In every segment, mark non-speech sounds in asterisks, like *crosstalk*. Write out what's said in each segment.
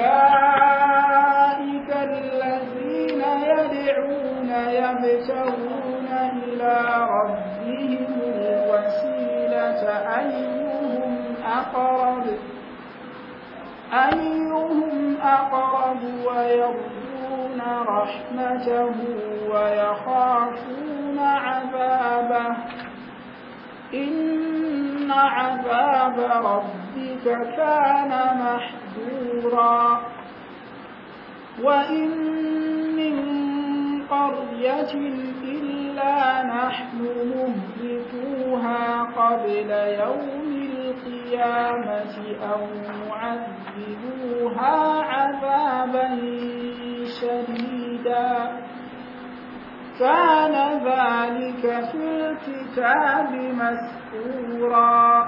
أولئك الذين يدعون يبتغون إلى ربهم الوسيلة أيهم أقرب أيهم أقرب ويرجون رحمته ويخافون عذابه إن عذاب ربك كان محذورا وإن من قرية إلا نحن مهلكوها قبل يوم القيامة أو معذبوها عذابا شديدا كان ذلك في الكتاب مسكورا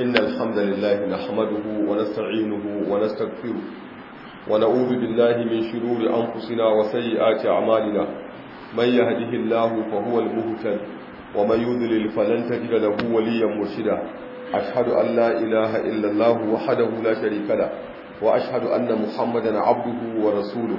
إن الحمد لله نحمده ونستعينه ونستغفره ونعوذ بالله من شرور أنفسنا وسيئات أعمالنا من يهده الله فهو المهتد ومن يذلل فلن تجد له وليا مرشدا أشهد أن لا إله إلا الله وحده لا شريك له وأشهد أن محمدا عبده ورسوله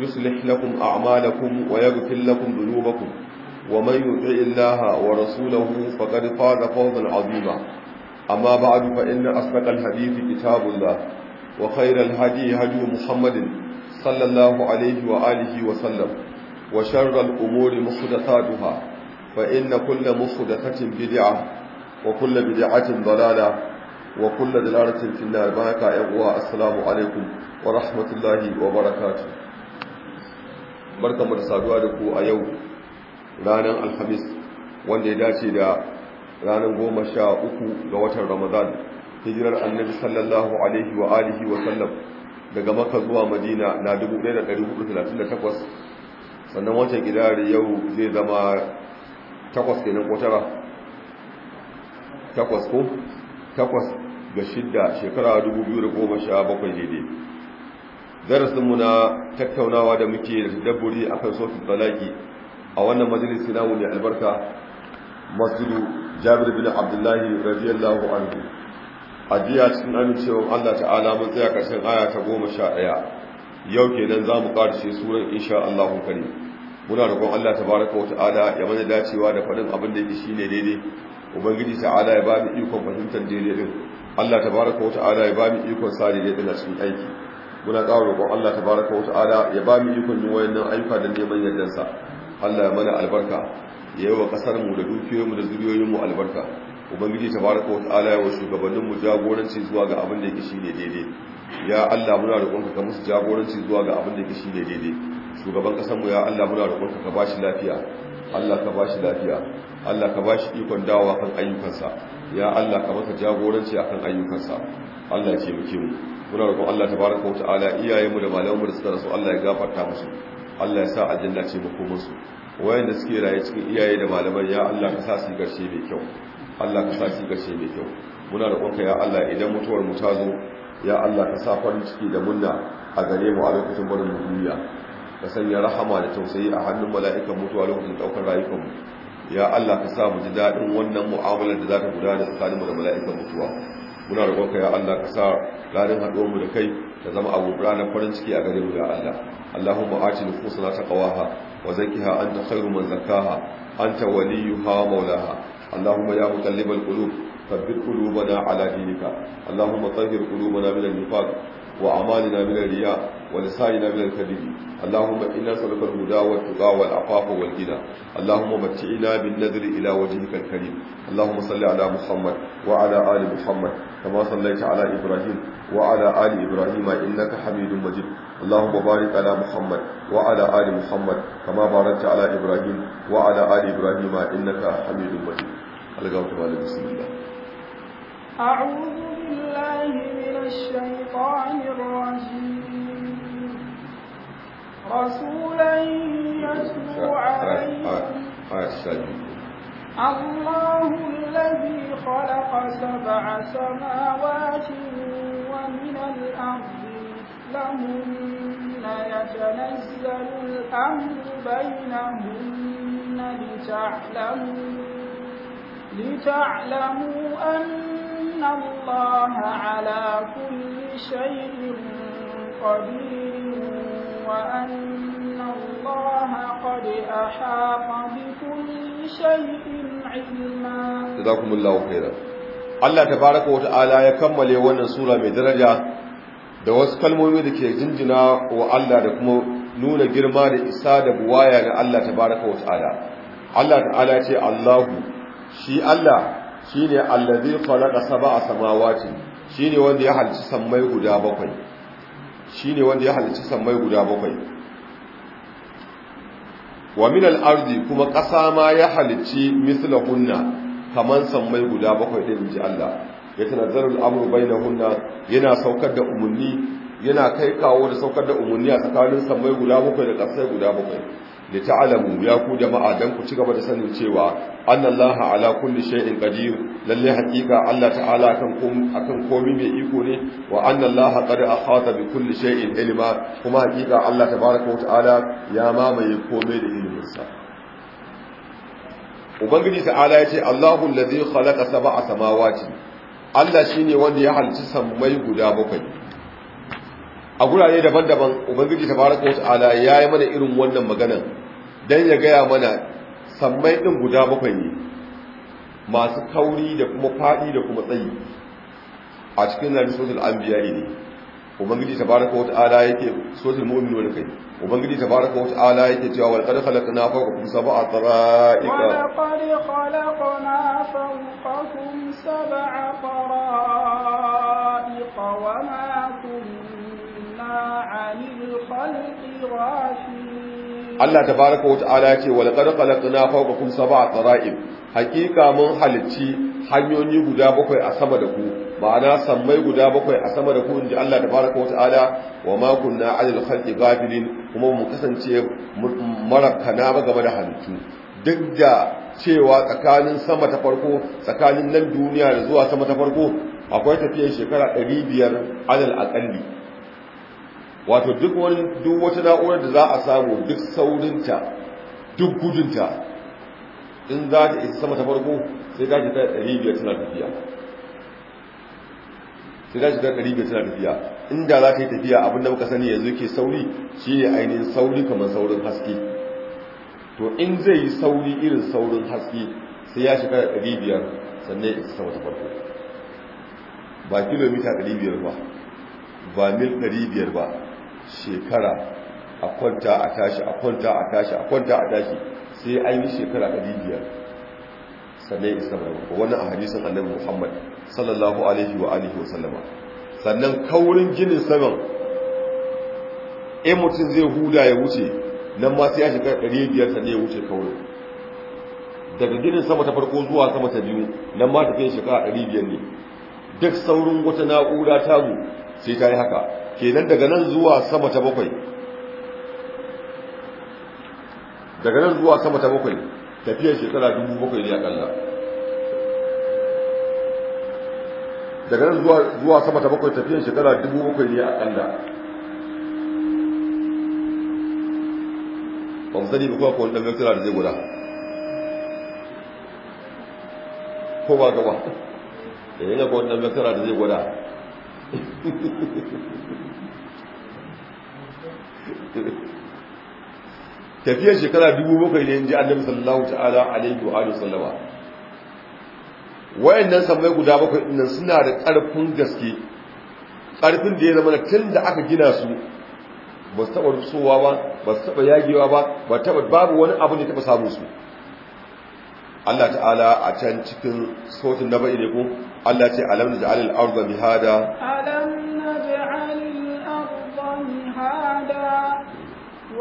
يصلح لكم أعمالكم ويغفر لكم ذنوبكم ومن يطع الله ورسوله فقد فاز فوزا عظيما أما بعد فإن أصدق الحديث كتاب الله وخير الهدي هدي محمد صلى الله عليه وآله وسلم وشر الأمور محدثاتها فإن كل محدثة بدعة وكل بدعة ضلالة وكل دلالة في النار بارك يا السلام عليكم ورحمة الله وبركاته barkamu da saduwa da ku a yau ranar alhamis wanda ya dace da ranar goma sha uku ga watan ramadan hijirar annabi sallallahu alaihi wa alihi wa sallam daga maka zuwa madina na 1438 sannan wancan gidari yau zai zama takwas kenan ko tara takwas ko takwas ga shidda shekara 2017 daidai darasinmu na tattaunawa da muke dabburi a kan sosu talaki a wannan majalisi namu mai albarka masjidu jabir bin abdullahi radiyallahu anhu a jiya cikin amincewar allah ta'ala mun tsaya ƙarshen aya ta goma sha ɗaya yau kenan za mu ƙarshe suran insha allahu kare muna roƙon allah tabaraka wa ta'ala ya mana dacewa da faɗin abin da yake shine daidai ubangiji ta'ala ya ba mu ikon fahimtar daidai allah tabaraka wa ta'ala ya ba mu ikon sa daidai din a cikin aiki muna ƙawar roƙon Allah baraka wa ta'ala ya ba mu ikon yin wayannan ayyuka da neman yardansa Allah ya mana albarka ya yi wa ƙasar mu da dukiyoyinmu da zuriyoyin mu albarka ubangiji baraka wa ta'ala ya wa shugabannin mu jagoranci zuwa ga abin da yake shine daidai ya Allah muna roƙon ka musu jagoranci zuwa ga abin da yake shine daidai shugaban ƙasar mu ya Allah muna roƙon ka ba shi lafiya Allah ka ba shi lafiya Allah ka ba shi ikon dawa kan ayyukansa ya Allah ka masa jagoranci akan ayyukansa Allah ya taimake mu muna roƙon Allah tabaraka wa ta'ala iyayen mu da malamu mu da suka rasu Allah ya gafarta musu Allah ya sa aljanna ce makomin su wayanda suke raye cikin iyaye da malaman ya Allah ka sa su garshe mai kyau Allah ka sa su garshe mai kyau muna roƙon ka ya Allah idan mutuwar mu ta zo ya Allah ka sa farin ciki da munna a gare mu a lokacin barin duniya ka sanya rahama da tausayi a hannun mala'ikan mutuwa lokacin daukar rayukan mu ya Allah ka sa mu ji daɗin wannan mu'amalar da za ka gudana mu da mala'ikan mutuwa muna roƙonka ya Allah ka sa ranar haɗuwar mu da kai ta zama abu ranar farin ciki a gare mu ya Allah Allahumma ati nufusana taqwaha wa zakkiha anta khairu man zakkaha anta waliyuha maulaha Allahumma ya muqallibal qulub ثبت قلوبنا على دينك اللهم طهر قلوبنا من النفاق وأعمالنا من الرياء ولساننا من الكذب اللهم إنا نسألك الهدى والتقى والعفاف والغنى اللهم متعنا بالنذر إلى وجهك الكريم اللهم صل على محمد وعلى آل محمد كما صليت على إبراهيم وعلى آل إبراهيم إنك حميد مجيد اللهم بارك على محمد وعلى آل محمد كما باركت على إبراهيم وعلى آل إبراهيم إنك حميد مجيد القوم بسم الله أعوذ بالله من الشيطان الرجيم رسولا يتلو عليكم الله الذي خلق سبع سماوات ومن الأرض لهم يتنزل الأمر بينهن لتعلموا لتعلموا أن الله على كل شيء قدير وأن الله قد أحاط بكل شيء علما جزاكم الله خيرا Allah tabaraka wa ta'ala ya kammale wannan sura mai daraja da wasu kalmomi da ke jinjina wa Allah da kuma nuna girma da isa da buwaya ga Allah tabaraka wa ta'ala Allah ta'ala ce Allahu shi Allah shine allazi khalaqa sab'a samawati shine wanda ya halicci sammai guda bakwai shine wanda ya halicci sammai guda bakwai wa min al kuma ƙasa ma ya halicci hunna, kaman sammai guda bakwai din ji Allah ya amru bainahunna yana saukar da umarni, yana kai kawo da saukar da umarni a tsakanin sammai guda bakwai da ƙasai guda bakwai da Alamu ya ku jama'a dan ku ci gaba da sanin cewa annallaha ala kulli shay'in qadir lalle hakika Allah ta'ala kan akan komai mai iko ne wa annallaha qad akhata bi kulli shay'in ilma kuma hakika Allah wa ta'ala ya mamaye komai da ilimin sa ubangiji ta'ala yace Allahu alladhi khalaqa sab'a samawati Allah shine wanda ya halci sammai guda bakwai a gurare daban-daban ubangiji tabaraka wata'ala ya yi mana irin wannan maganan don ya gaya mana sammai ɗin guda bakwai ne masu kauri da kuma faɗi da kuma tsayi a cikin na sosul an biya ne ubangiji tabaraka wata'ala yake sosul mu'min wani kai ubangiji tabaraka wata'ala yake cewa wal qad khalaqna fawqakum sab'a tara'iqa wal qad khalaqna fawqakum sab'a tara'iqa wa ma kunna Allah الخلق ce الله تبارك وتعالى na ولقد خلقنا فوقكم سبع طرائق حقيقة mun halicci hanyoyi guda bakwai a sama da ku ma'ana sammai guda bakwai a sama da ku inji Allah wata ala wa ma kunna alal khalqi ghafilin kuma mu kasance marakana ba game da halittu duk da cewa tsakanin sama ta farko tsakanin nan duniya da zuwa sama ta farko akwai tafiyar shekara ɗari biyar alal aqalli wato duk wani duk wata na'urar da za a samu duk saurinta duk gudunta in za ta isa sama ta farko sai ta shi ta biyar tana tafiya sai ta shi ta tana tafiya inda za ta yi tafiya abinda muka sani yanzu ke sauri shi ne ainihin sauri kamar saurin haske to in zai yi sauri irin saurin haske sai ya shiga biyar sannan isa sama ta farko ba kilomita ɗari biyar ba ba mil ɗari biyar ba shekara a kwanta a tashi a kwanta a tashi a kwanta a tashi sai an yi shekara ɗari biyar sannan isa mai wannan a hadisin annabi muhammad sallallahu alaihi wa alihi wa sannan kaurin ginin saman in mutum zai huda ya wuce nan ma sai ya shiga ɗari biyar sannan ya wuce kaurin daga ginin sama ta farko zuwa sama ta biyu nan ma tafiya shekara ɗari biyar ne duk saurin wata na'ura ta mu sai ta yi haka kenan daga nan zuwa sama ta bakwai daga nan zuwa sama ta bakwai tafiyar shekara dubu bakwai ne akalla daga nan zuwa sama ta bakwai tafiyar shekara dubu bakwai ne akalla ba mu sani ba kuma kowane ɗan lecturer da zai guda ko ba gaba da eh, yana kowane ɗan lecturer da zai guda *laughs* tafiyar shekara dubu bakwai ne ji annabi sallallahu ta'ala alaihi wa alihi sallama wayannan sammai guda bakwai dinnan suna da karfin gaske karfin da ya zama tun da aka gina su ba su taba rusowa ba ba su taba yagewa ba ba taba babu wani abu ne taba samun su Allah ta'ala a can cikin sautin bai ne ko Allah ce alam da alil arda bihada ala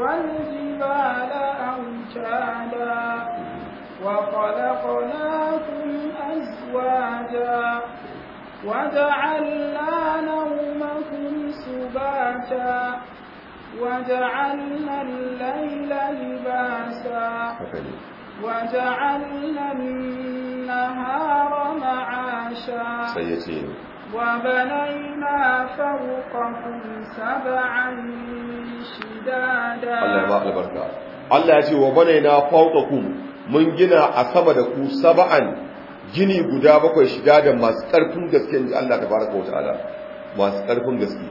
والجبال أوتادا وخلقناكم أزواجا وجعلنا نومكم سباتا وجعلنا الليل لباسا وجعلنا النهار معاشا سيتين وبنينا فوقكم سبعا Allah ya ba albarka Allah ya ce wa banaina fawqakum mun gina a sama da ku sab'an gini guda bakwai shida da masu karfin gaske inji Allah tabaraka wa ta'ala masu karfin gaske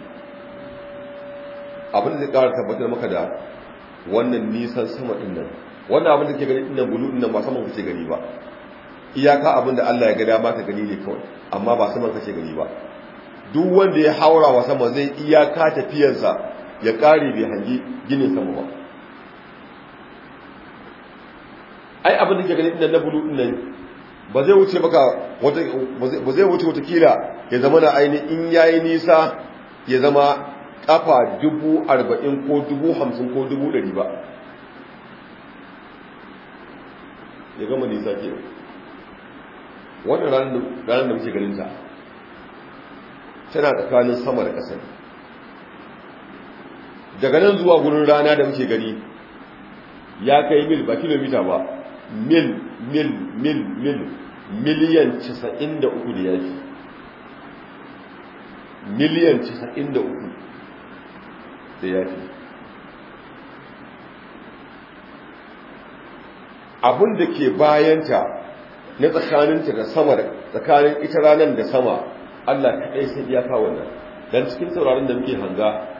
abin da zai ƙara tabbatar maka da wannan nisan sama din nan wannan abin da ke gani din bulu din ba saman kace gani ba iyaka abin da Allah ya ga dama ka gani ne kawai amma ba saman kace gani ba duk wanda ya haura wa sama zai iyaka tafiyarsa ya ƙare bai hangi ginin sama ba ai abin da ke ganin inda na bulu nan ba zai wuce maka ba zai wuce watakila ya zama na aini in yi nisa ya zama ƙafa dubu arba'in ko dubu hamsin ko dubu ɗari ba ya gama nisa ke wannan ranar da muke ganin ta tana tsakanin sama da ƙasa daga nan zuwa gurin rana da muke gani ya kai mil ba kilomita ba mil mil mil mil miliyan 93 da ya fi miliyan 93 da ya fi abin da ke bayanta na tsakaninta da sama tsakanin ita ranar da sama Allah kaɗai sai ya fa wannan, don cikin sauraron da muke hanga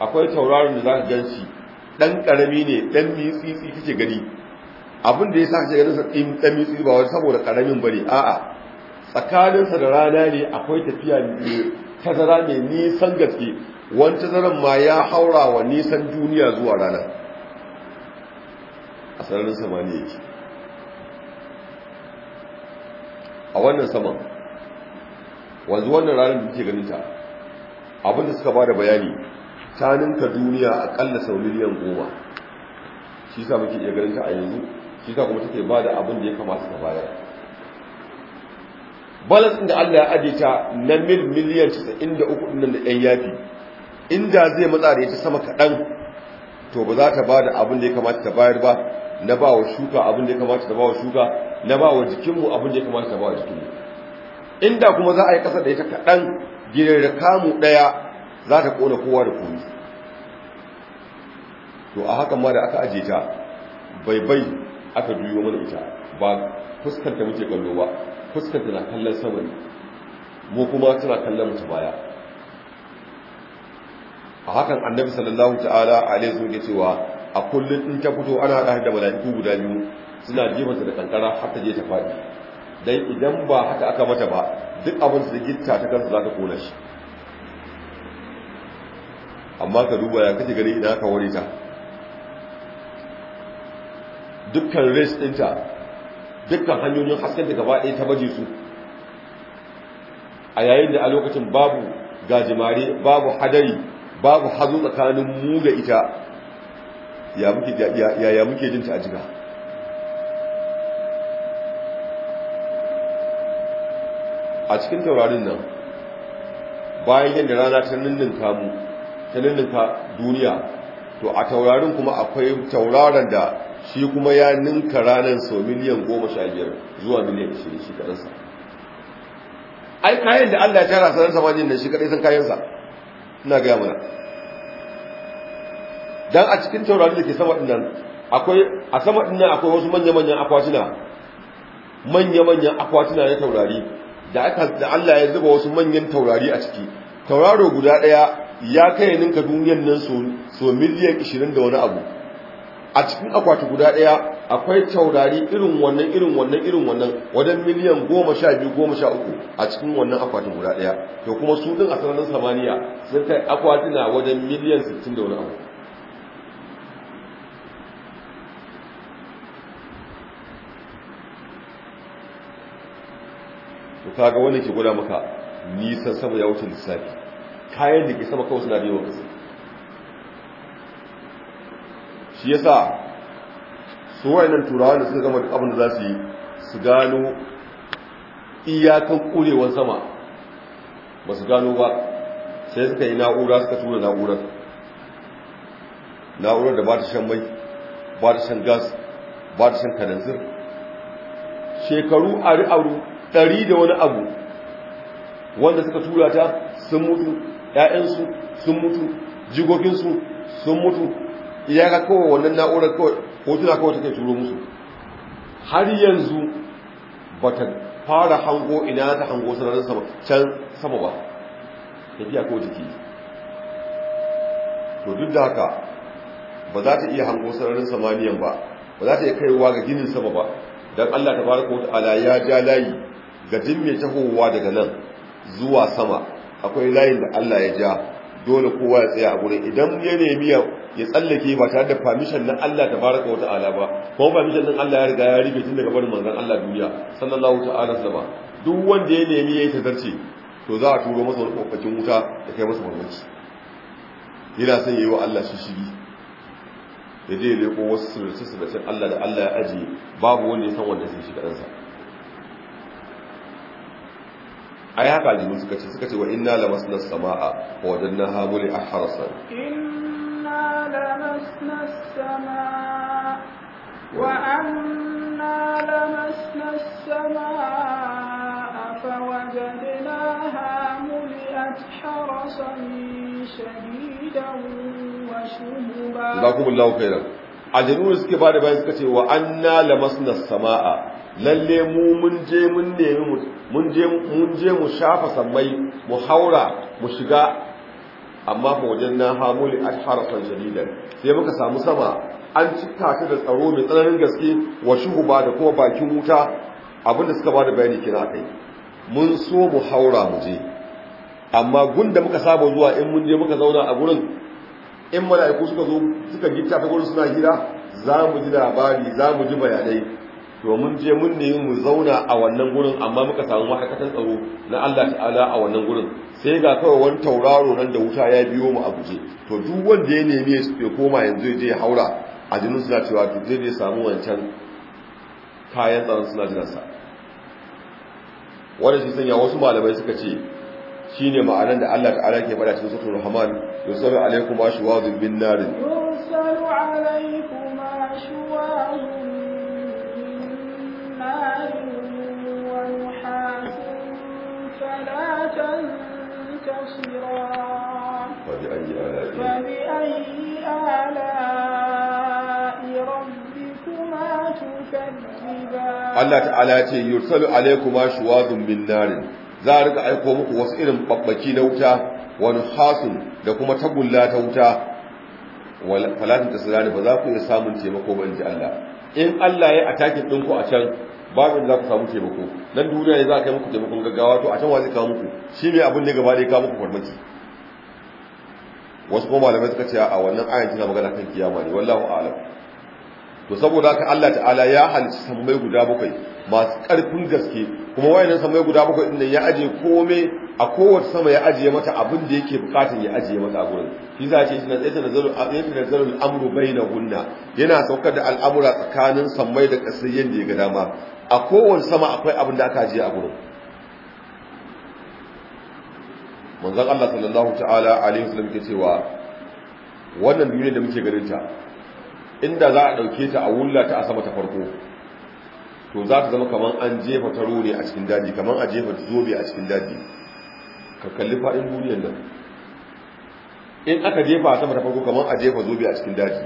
akwai tauraron da za ka gan shi ɗan ƙarami ne ɗan mitsitsi kake gani abin da ya sa kake ganin sa ɗan mitsitsi ba wani saboda ƙaramin ba ne a'a tsakaninsa da rana ne akwai tafiya mai tazara mai nisan gaske wani tazaran ma ya haura wa nisan duniya zuwa rana a sararin samaniya yake a wannan saman wanzu wannan ranar da kuke ganin ta abinda suka ba da bayani ta ninka duniya akalla sau miliyan goma shi sa muke iya ganin ta a yanzu shi sa kuma take ba da abin da ya kamata ta bayar Balasin da Allah ya ajiye ta na mil miliyan 93 nan da ɗan yafi inda zai matsa da ita sama kaɗan to ba za ta ba da abin da ya kamata ta bayar ba na ba wa shuka abin da ya kamata ta ba wa shuka na ba wa jikinmu abin da ya kamata ta ba wa jikinmu inda kuma za a yi ƙasa da ita kaɗan gidan kamu ɗaya za ta kona kowa da komi to a hakan ma da aka aje ta bai bai aka duyo mana ita ba fuskanta muke kallo ba fuskanta na kallon sama ne mu kuma tana kallon mutu baya a hakan annabi sallallahu ta'ala alaihi wasallam ya cewa a kullun in ta fito ana hada da mala'iku guda biyu suna jibanta da kankara har ta je ta faɗi dan idan ba haka aka mata ba duk abin da gitta ta kansa za ta kona shi amma ka duba ya kake gani idan aka ware ta dukkan race dinta, dukkan hanyoyin hasken da gaba ɗaya ta baje su a yayin da a lokacin babu gajimare babu hadari babu hazo tsakanin mu da ita ya muke jinta a jiga a cikin taurarin nan bayan yadda rana ta ninninka mu ta ninka duniya to a taurarin kuma akwai tauraron da shi kuma ya ninka ranar sau miliyan goma sha biyar zuwa miliyan ishirin shi kaɗansa ai kayan da allah ya tara sanar samanin da shi kaɗai san kayansa ina gaya mana don a cikin taurarin da ke sama ɗin nan akwai a sama ɗin nan akwai wasu manya-manyan akwatuna manya-manyan akwatuna na taurari da aka da allah ya zuba wasu manyan taurari a ciki tauraro guda ɗaya ya kai ninka duniyan nan so miliyan 20 da wani abu a cikin akwati guda daya akwai taurari irin wannan irin wannan irin wannan wajen miliyan 12 13 a cikin wannan akwatin guda daya to kuma su din a samaniya sun kai akwatina wajen miliyan 60 da wani abu to kaga wannan ke gwada maka nisan sama ya wuce lissafi kayan da ke sama kawai suna biyo kasa shi ya sa su inan turawa da suka gama duk abin da za su yi su gano iyakan kurewar sama ba su gano ba sai suka yi na'ura suka tura na'urar na'urar da ba ta shan mai ba ta shan gas ba ta shan kananzir shekaru ari aru ɗari da wani abu wanda suka tura ta sun mutu Ya'yansu sun mutu jikokinsu sun mutu ga kawai wannan na'urar kawai hotuna kawai take turo musu har yanzu ba ta fara hango ina ta hango sararin sama can sama ba tafiya ko jiki to duk da haka ba za ta iya hango sararin samaniyan ba ba za ta iya kaiwa ga ginin sama ba don allah ta baraka wata ala ya ja layi ga jin mai tahowa daga nan zuwa sama akwai layin da Allah ya ja dole kowa ya tsaya a gurin idan ya nemi ya tsallake ba tare da permission na Allah ta wa ta'ala ba ko permission din Allah ya riga ya rike tun daga barin manzon Allah duniya sallallahu ta'ala sallama duk wanda ya nemi yayi tazarci to za a turo masa wani kokarin wuta da kai masa mamaki yana son yayi wa Allah shishigi da zai leko wasu sirrin Allah da Allah ya ajiye babu wanda ya san wanda zai shiga ɗansa ai haka aljinu suka ce suka ce wa inna lamasna samaa wa wajanna a ahrasa inna lamasna samaa wa anna lamasna samaa fa wajadnaha muliat harasan shadidan wa shuhuba lakum Allahu khairan aljinu suke ba da bayan suka ce wa anna lamasna samaa lalle mu mun je mun nemi mun je mun je mu shafa sammai mu haura mu shiga amma fa wajen na hamuli asharasan jadidan sai muka samu sama an cika ta da tsaro mai tsananin gaske wa ba da kuma bakin wuta abinda suka bada bayani kira kai mun so mu haura mu je amma gunda muka saba zuwa in mun je muka zauna a gurin in mala'iku suka zo suka gitta ta gurin suna hira za mu ji labari za mu ji bayanai to mun je mun nemi mu zauna a wannan gurin amma muka samu ma'aikatan tsaro na Allah ta'ala a wannan gurin sai ga kawai wani tauraro nan da wuta ya biyo mu a guje to duk wanda ya nemi ya koma yanzu ya je ya haura a jinin suna cewa to zai je samu wancan kayan tsaron suna jiransa wanda shi sanya wasu malamai suka ce shine ma'anar da Allah ta'ala ke faɗa cikin sutun rahman yusaru alaikum ashwazun bin narin yusaru alaikum Allah ta'ala ya ce yursalu alaikuma shuwazun bin narin za a riga aiko muku wasu irin babbaki na wuta wani hasun da kuma tagulla ta wuta falatin ta sirari ba za ku iya samun taimako ba inji Allah in Allah ya attacking din ku a can babin za ku samu taimako nan duniya ne za ka yi muku taimakon gaggawa to a can wa ka kawo muku shi ne abin da gaba da ya kawo muku farmaki wasu kuma malamai suka ce a wannan ayan tana magana kan kiyama ne wallahu a'lam to saboda haka Allah ta'ala ya halicci samai guda bakwai masu karfin gaske kuma wayannan samai guda bakwai din ya aje komai a kowace sama ya ajiye mata abin da yake bukatar ya ajiye mata gurin shi za ce na tsaye da zarar al'amuru bai na gunna yana saukar da al'amura tsakanin sammai da ƙasar yadda ya ga dama a kowace sama akwai abin da aka ajiye a gurin manzan allah sallallahu ta'ala alaihi wasallam ke cewa wannan duniya da muke ganin ta inda za a ɗauke ta a wulla ta a sama ta farko to za ta zama kamar an jefa taro ne a cikin daji kamar a jefa zobe a cikin daji ka kalli fa'in duniyar nan in aka jefa sama ta farko kamar a jefa zobe a cikin daji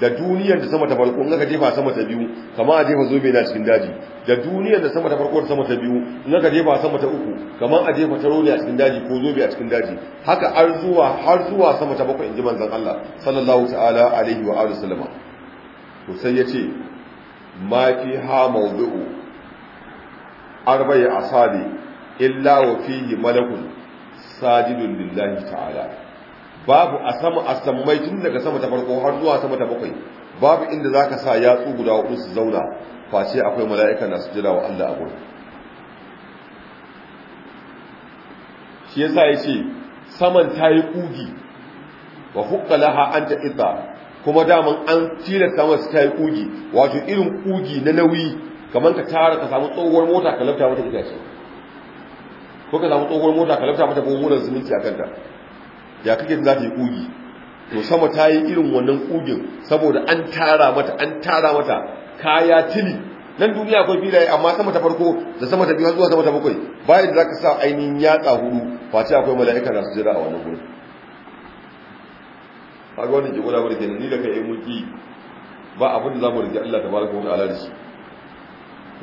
da duniyar da sama ta farko in aka jefa sama ta biyu kamar a jefa zobe na cikin daji da duniyar da sama ta farko da sama ta biyu in aka jefa sama ta uku kamar a jefa ne a cikin daji ko zobe a cikin daji haka har zuwa har zuwa sama ta bakwai in ji manzon Allah sallallahu ta'ala alaihi wa alihi sallama to sai yace ma fi ha mawdu'u arba'i asabi illa wa fihi malakun sajidun lillahi ta'ala babu a sama a sammai tun daga sama ta farko har zuwa sama ta bakwai babu inda za ka sa yatsu guda hudu su zauna face akwai mala'ika na sujada wa Allah a gurin shi yasa ya ce saman ta yi ƙugi wa laha an ta ita kuma daman an tira saman su ta yi ƙugi wato irin ƙugi na nauyi kamar ka tara ka samu tsohuwar mota ka lafta mata itace ko ka samu tsohuwar mota ka lafta mata mummunan zumunci a kanta ya kake za ta yi kugi to sama ta yi irin wannan kugin saboda an tara mata an tara mata kaya tili nan duniya akwai filaye amma sama ta farko da sama ta biyu zuwa sama ta bakwai bayan da zaka sa ainihin yatsa hudu face akwai mala'ika na su jira a wannan gurin kaga wani ke gwada mana ke ni da kai mulki ba abin da zamu rike Allah tabaraka wa ta'ala da shi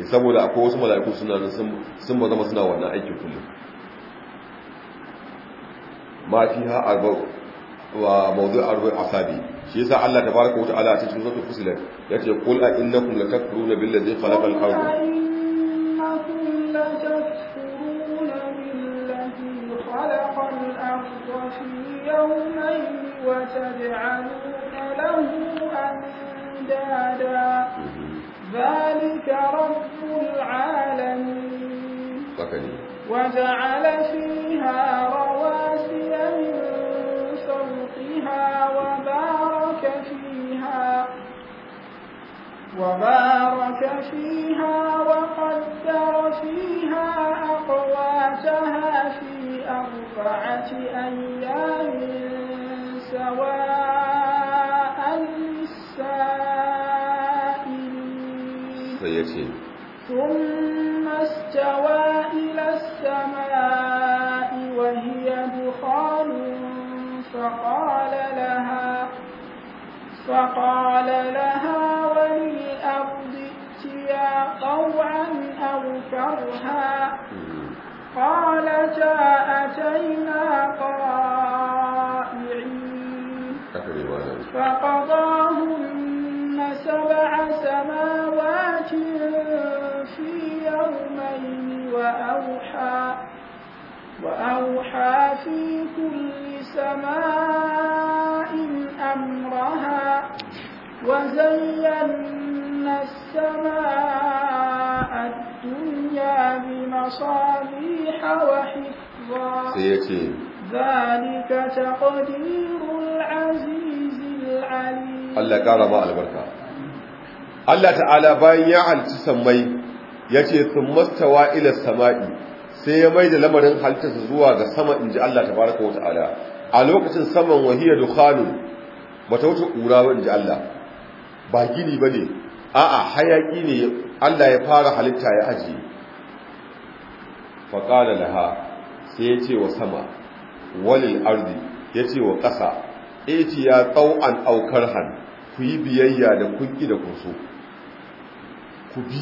saboda akwai wasu mala'iku suna sun sun zama suna wannan aikin kullum ma fiha arba wa mawdu' arba asabi shi yasa Allah tabaraka wa ta'ala a cikin suratul fusilat yace qul a innakum latakfuruna billazi khalaqal arda innakum latakfuruna billazi khalaqal arda fi yawmayn wa tad'aluna lahu وبارك فيها وقدر فيها أقواتها في أربعة أيام سواء للسائلين ثم استوى إلى السماء وهي دخان فقال لها فقال لها وللأرض ائتيا طوعا أو كرها قالتا أتينا طائعين فقضاهن سبع سماوات في يومين وأوحى وأوحى في كل سماء أمرها وزينا السماء الدنيا بمصابيح وحفظا سيتي ذلك تقدير العزيز العليم الله قال البركة Allah ta'ala bayan ya halci sammai ya ce sun mastawa ila sama'i sai ya mai da lamarin halittarsa zuwa ga sama in ji Allah ta baraka wa ta'ala a lokacin saman wahiyar dukhanun ba ta wuce ƙura ba in ji Allah ba gini ba ne a'a hayaƙi ne Allah ya fara halitta ya ajiye faƙala laha sai ya ce wa sama walil ardi ya ce wa ƙasa eti ya tsau'an aukar han ku yi biyayya da kunki da kunso ku bi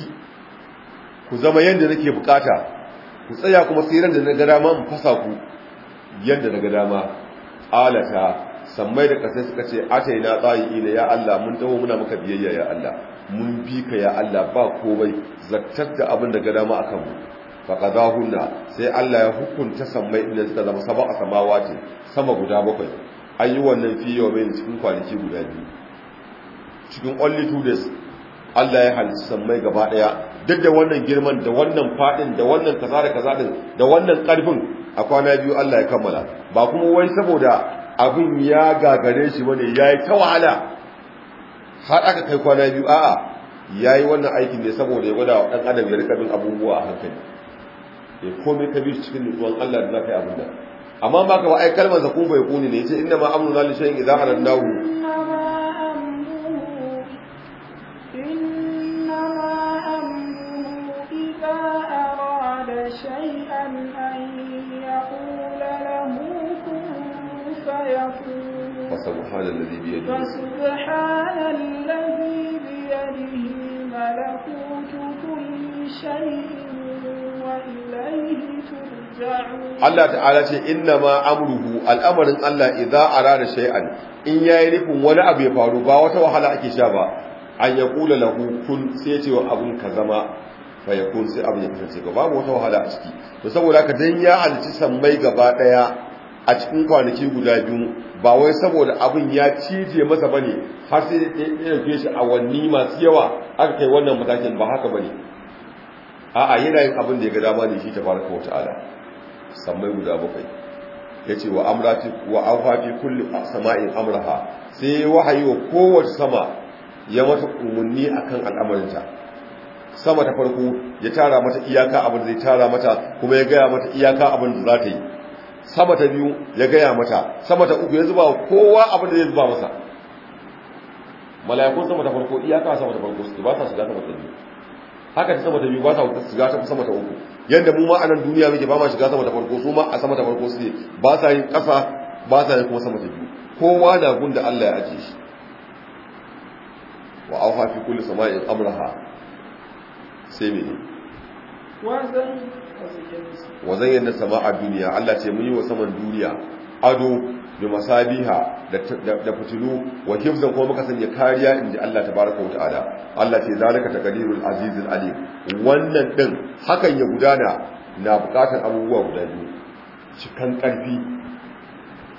ku zama yadda nake bukata ku tsaya kuma sai da na ga dama fasa ku yadda na ga dama alata sammai da kasai suka ce yi na tsayi ila ya Allah mun taho muna maka biyayya ya Allah mun bi ka ya Allah ba komai zartar da abin da ga dama akan mu hunna sai Allah ya hukunta sammai ina suka zama samawa ce sama guda bakwai an yi wannan fi mai cikin kwanaki guda biyu cikin only two days Allah ya halitta sammai gaba ɗaya. duk da wannan girman da wannan fadin da wannan kaza da kaza da wannan karfin a kwana biyu Allah ya kammala ba kuma wai saboda abin ya gagare shi ya yi ta wahala har aka kai kwana biyu a'a yi wannan aikin ne saboda ya gwada ɗan adam ya rika bin abubuwa a hankali ya komai ka bi cikin nutsuwan Allah da zafi abin da amma ba ka ba ai kalmar zakun bai kuni ne in inda ma amruna li shay'in idza za شيئا فيقول وسبحان الذي بيده وسبحان الذي بيده ملكوت كل شيء Allah ta'ala ce inna ma amruhu al'amarin Allah idza arada shay'an in yayi nufin wani abu ya faru ba wata wahala ake sha ba an ya kula lahu kun sai ce wa abun ka zama fa yakun sai abun ya kasance ba babu wata wahala a ciki to saboda ka dan ya halici sammai gaba daya a cikin kwanaki guda biyu ba wai saboda abin ya cije masa ba ne har sai ya ɗauke shi awanni masu yawa aka kai wannan matakin ba haka ba ne a'a yana yin abin da ya ga dama ne shi fara kawo ta'ala sammai guda bakwai ya ce wa amurati wa awhafi a sama'in amraha sai ya wahayi wa kowace sama ya mata umarni akan al'amarinta sama ta farko ya tara mata iyaka abin da zai tara mata kuma ya gaya mata iyaka abin da za ta yi sama ta biyu ya gaya mata sama ta uku ya zuba kowa abin da zai zuba masa Malayakun sama ta farko iyaka sama ta farko su ba sa shiga sama ta biyu haka ta sama ta biyu ba sa shiga ta sama ta uku yadda mu ma a nan duniya muke ba ma shiga sama ta farko su ma a sama ta farko su ne ba sa yin ƙasa ba sa yin kuma sama ta biyu kowa na gun da Allah ya ajiye shi wa auha fi kulli sama'in amraha sai mene wa sama a duniya Allah ce mun yi wa saman duniya ado bi masabiha da fitilu wa hifzan kuma muka sanya kariya inda Allah ta baraka wata ta'ala Allah ce zalika taqdirul azizul alim wannan din hakan ya gudana na bukatar abubuwa guda biyu cikan karfi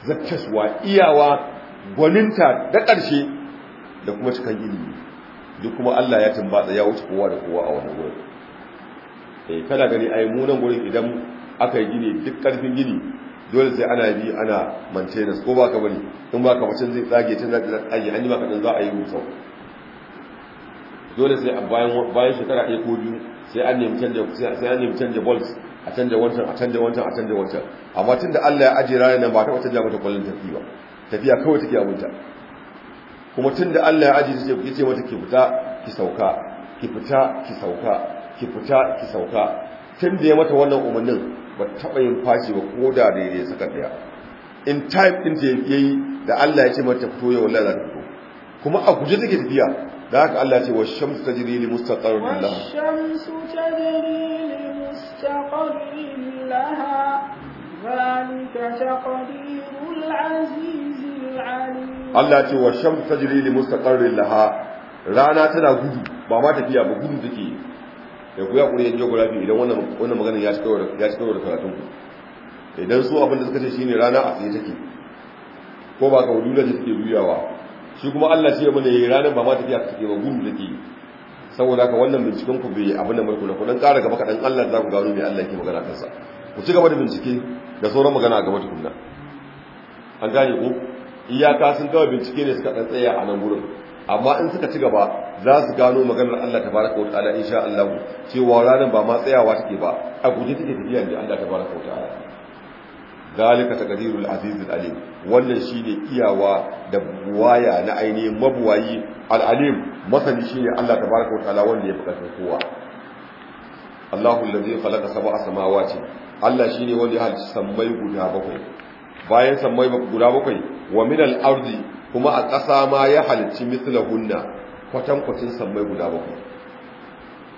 zaccaswa iyawa gwaninta da ƙarshe da kuma cikan ilimi duk kuma Allah ya tumbatsa ya wuce kowa da kowa a wannan gurin eh kana gani ai munan nan gurin idan aka yi gini duk karfin gini dole sai ana bi ana maintenance ko baka bari in baka mutum zai tsage can zai tsage an yi maka dan za a yi musau dole sai a bayan bayan shekara ɗaya ko biyu sai an nemi canja sai an nemi canja bolts a canja wancan a canja wancan a canja wancan amma tun da Allah ya aje rana nan ba ta wata jami'a ta tafi ba tafiya kawai take abunta kuma tun da Allah ya aje ta ce mata ki fita ki sauka ki fita ki sauka ki fita ki sauka tun da ya mata wannan umarnin ba taɓa yin fashi ba ko da da ya saka daya in type ɗin ta ya yi da Allah ya ce mata fito ya lalata da fito kuma a guje take tafiya da haka Allah ya ce wa shamsu tajri li mustaqarrin laha shamsu tajri li mustaqarrin laha zalika taqdirul azizil alim Allah ya ce wa shamsu ne li mustaqarrin laha rana tana gudu ba ma tafiya ba gudu take da ku ya kuri jogora geography idan wannan magana ya ci karo da karatun ku idan su abin da suka ce shine rana a tsaye take ko ba ka hudula da take juyawa shi kuma Allah shi ya mana yi ranar ba ma tafiya a take ba gudu take yi saboda ka wannan binciken ku bai abin da mulku na ku dan ƙara gaba kaɗan Allah za ku gano me Allah ke magana kansa ku ci gaba da bincike da sauran magana a gaba tukunna an gane ku iyaka sun gaba bincike ne suka ɗan tsaya a nan gurin amma in suka ci gaba za su gano maganar Allah baraka wa ta'ala insha Allah cewa ranar ba ma tsayawa take ba a guje take tafiya da Allah tabaraka wa ta'ala zalika taqdirul azizul alim wannan shine iyawa da buwaya na ainihin mabuwayi al alim masani shine Allah baraka wa ta'ala wanda ya fi karfin kowa Allahu allazi khalaqa sab'a samawati Allah shine wanda ya halicci sammai guda bakwai bayan sammai guda bakwai wa min al-ardi kuma a ƙasa ma ya halicci mislahunna kwatan kwatin sammai guda bakwai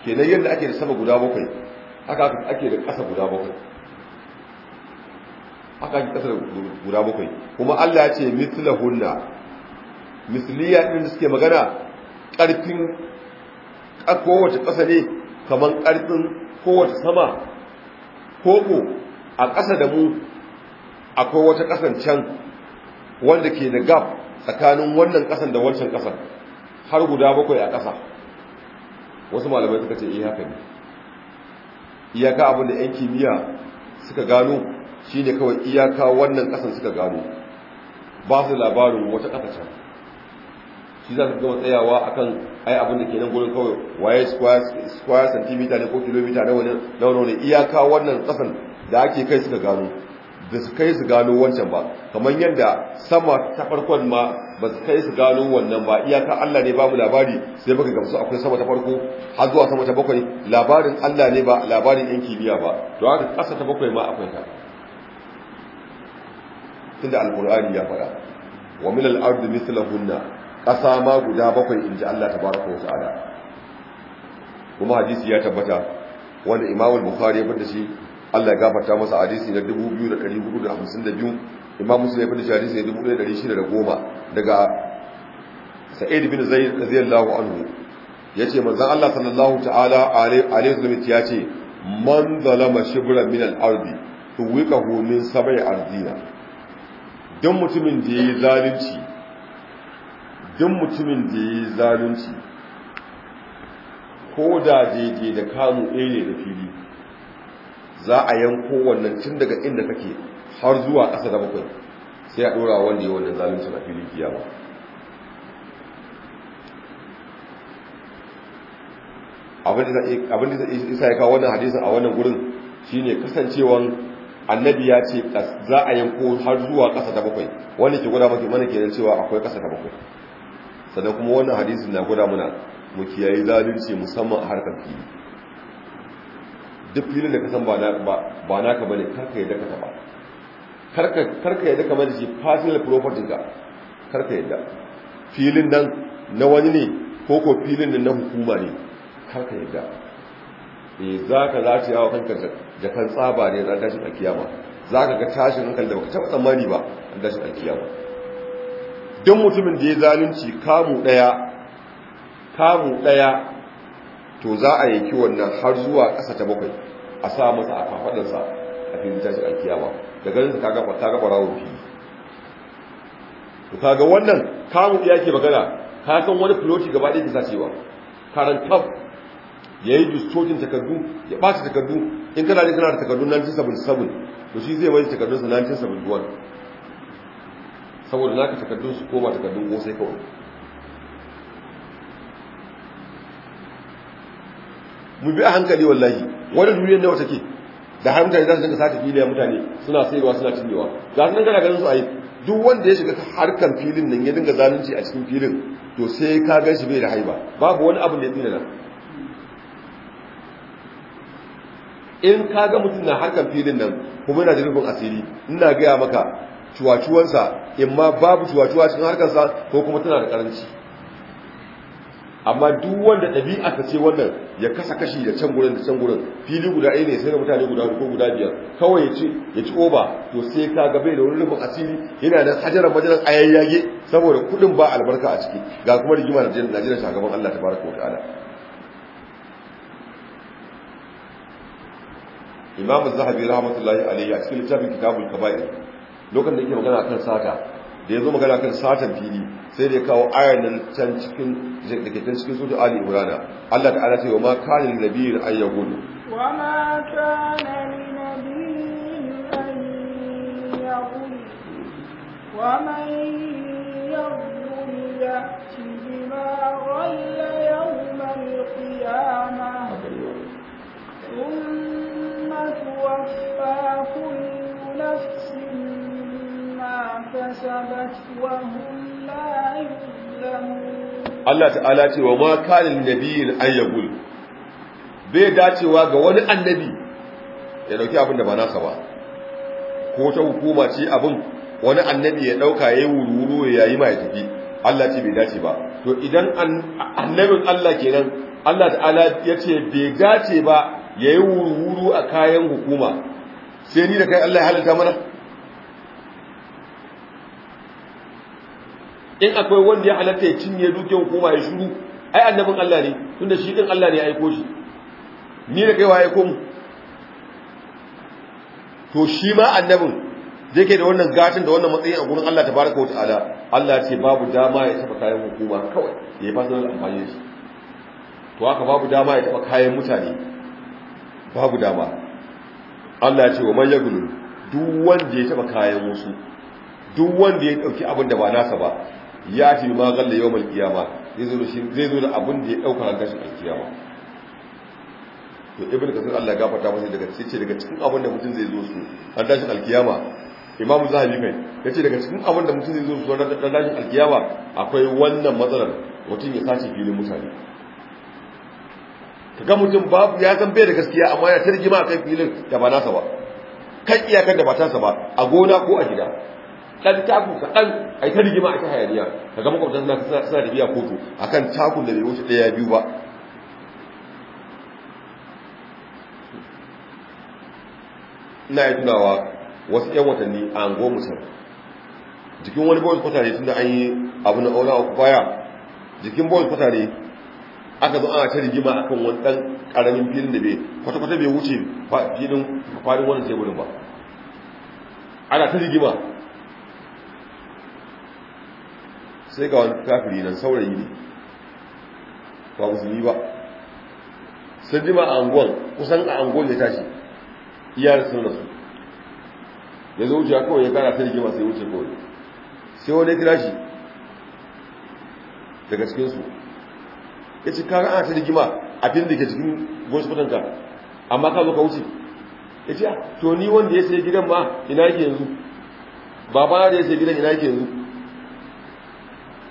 kenan yadda ake da sama guda bakwai haka ake da ƙasa guda bakwai haka ake ƙasa guda bakwai kuma Allah ya ce gunna misliya din suke magana ƙarfin kowace ƙasa ne kamar ƙarfin kowace sama koko a ƙasa da mu akwai wata kasan can wanda ke da gab tsakanin wannan kasan da wancan kasan har guda bakwai a kasa wasu malamai suka ce iya eh, haka ne iyaka abin da 'yan kimiyya suka gano shi ne kawai iyaka wannan kasan suka gano ba su labarin wata kasa can shi za su gama tsayawa akan ai abin da ke nan gudun kawai waye square centimeter ne ko kilomita na wani iyaka wannan kasan da ake kai suka gano ba su kai su gano wancan ba kamar yadda sama ta farkon ma ba su kai su gano wannan ba iyaka Allah ne babu labari sai baka gamsu akwai sama ta farko har zuwa sama ta bakwai labarin Allah ne ba labarin yan kimiyya ba to haka ƙasa ta bakwai ma akwai ta tunda alqur'ani ya faɗa wa min al-ardi mithluhunna ƙasa ma guda bakwai inji Allah tabaraka wa ta'ala kuma hadisi ya tabbata wanda imamu al-Bukhari ya bada shi Allah ya gafarta masa hadisi na 2452 imam muslim ya fi hadisi na 1610 daga sa'id bin Zayd radiyallahu anhu yace manzon Allah sallallahu ta'ala alaihi wa ya ce man zalama shibran min al-ardi hu min sabai ardina dan mutumin da yayi zalunci dan mutumin da yayi zalunci ko da jeje da kamu ɗaya ne da fili za a yanko wannan tun daga inda kake har zuwa ƙasa da bakwai sai a ɗora wanda ya wannan zalunci na fili kiyama abin da isa ya kawo wannan hadisin a wannan gurin shine kasancewan annabi ya ce za a yanko har zuwa ƙasa da bakwai wanda ke gwada maki mana kenan cewa akwai ƙasa da bakwai sannan kuma wannan hadisin na gwada muna mu kiyaye zalunci musamman a harkar fili duk filin da ka san ba naka bane karka yadda ka taba karka yadda kamar da shi personal property ka karka yadda filin nan na wani ne ko ko filin nan na hukuma ne karka yadda e za ka za ce yawa kanka jakan tsaba ne ran tashin alkiyama za ka ga tashin hankali da baka taɓa tsammani ba a tashin alkiyama don mutumin da ya zalunci kamu ɗaya kamu ɗaya to za a yanki wannan har zuwa ƙasa ta bakwai a sa masa a kafaɗarsa a filin shi alkiyama da ganin ta gaba ta gaba rawar fili to ga wannan kamun iya ke magana ka san wani filoti gaba ɗaya bisa cewa karan kaf ya yi distocin takardu ya ɓata takardu in kana da kana da takardu 1977 to shi zai wani takardunsa 1971 saboda naka takardunsu ko ba takardun ko sai kawai mu bi a hankali wallahi wani duniyar nawa take da har mutane za su dinga sata filiya mutane suna sayarwa suna cinyewa ga nan kana ganin su a yi duk wanda ya shiga harkan filin nan ya dinga zalunci a cikin filin to sai ka gan shi bai da haiba babu wani abu da ya tsira nan in ka ga mutum na harkar filin nan kuma yana da asiri ina gaya maka cuwacuwansa in ma babu cuwacuwa cikin harkarsa ko kuma tana da karanci amma duk wanda ɗabi'a ta ce wannan ya kasa kashi da can gurin da can gurin fili guda ɗaya ne sai da mutane guda ko guda biyar kawai ya ce ya ci oba to sai ka ga bai da wani rufin asiri yana da hajarar majalar ayayyage saboda kuɗin ba albarka a ciki ga kuma rigima da najeriya shagaban allah tabaraka wa ta'ala imamu zahabi rahmatullahi alaihi a cikin littafin kitabul kaba'ir lokacin da yake magana kan sata da ya zo magana kan satan fili sai da ya kawo ayan nan can cikin zikirin cikin sutu ali imrana Allah ta'ala ce wa ma kana lin wa ma kana ni nabiyyin an yaqulu wa ثم توفى كل نفس Allah Ta'ala لا ce wa ma kana linnabiyin an bai dacewa ga wani annabi ya dauki abin da ba nasa ba ko ta hukuma ce abin wani annabi ya dauka wuru-wuru ya yi ya tafi Allah ce bai dace ba to idan annabin Allah kenan Allah ta'ala ya ce bai dace ba ya wuru-wuru a kayan hukuma sai ni da kai Allah ya halitta mana in akwai wanda ya halatta ya cinye dukiyar hukuma ya shiru ai annabin Allah ne tunda shi din Allah ne ya aiko shi ni da kaiwa ya aiko mu to shi ma annabin zai ke da wannan gatin da wannan matsayin a gurin Allah tabaraka wa ta'ala Allah ce babu dama ya taba kayan hukuma kawai ya yi fasa amfani da shi to haka babu dama ya taba kayan mutane babu dama Allah ce wa manyan yagulu duk wanda ya taba kayan wasu duk wanda ya dauki abin da ba nasa ba ya fi ma galla yau mai kiyama zai zo da abin da ya ɗauka a gashin alkiyama to ibn kasar allah ta masu daga ce daga cikin abin da mutum zai zo su an tashin alkiyama imamu zahabi kai ya ce daga cikin abin da mutum zai zo su an tashin alkiyama akwai wannan matsalar mutum ya sace filin mutane ka ga mutum babu ya zan bai da gaskiya amma ya tarjima a kan filin da ba nasa ba kan iyakar da ba tasa ba a gona ko a gida dan taku ka a ai ta rigima a ta hayaniya ka ga makwabtan suna suna biya kotu a kan takun da bai wuce ɗaya biyu ba ina yi tunawa wasu 'yan watanni a ango musar jikin wani boys kwatare tun da an yi abu na aula a baya jikin boys kwatare aka zo ana ta rigima akan wani ɗan ƙaramin filin da bai kwata-kwata bai wuce filin faɗin wani teburin ba ana ta rigima sai ga wani kafiri nan saurayi ne ba musulmi ba sun jima a angon kusan a angon ya tashi da sun su ya zo wuce kawai ya kara ta rigima sai wuce kawai sai wani kira shi daga cikinsu ya ce kara a ta rigima a fin da ke cikin goshi kwatanka amma ka zo ka wuce ya ce ah, to ni wanda ya sai gidan ma ina yake yanzu babana da ya sai gidan ina yake yanzu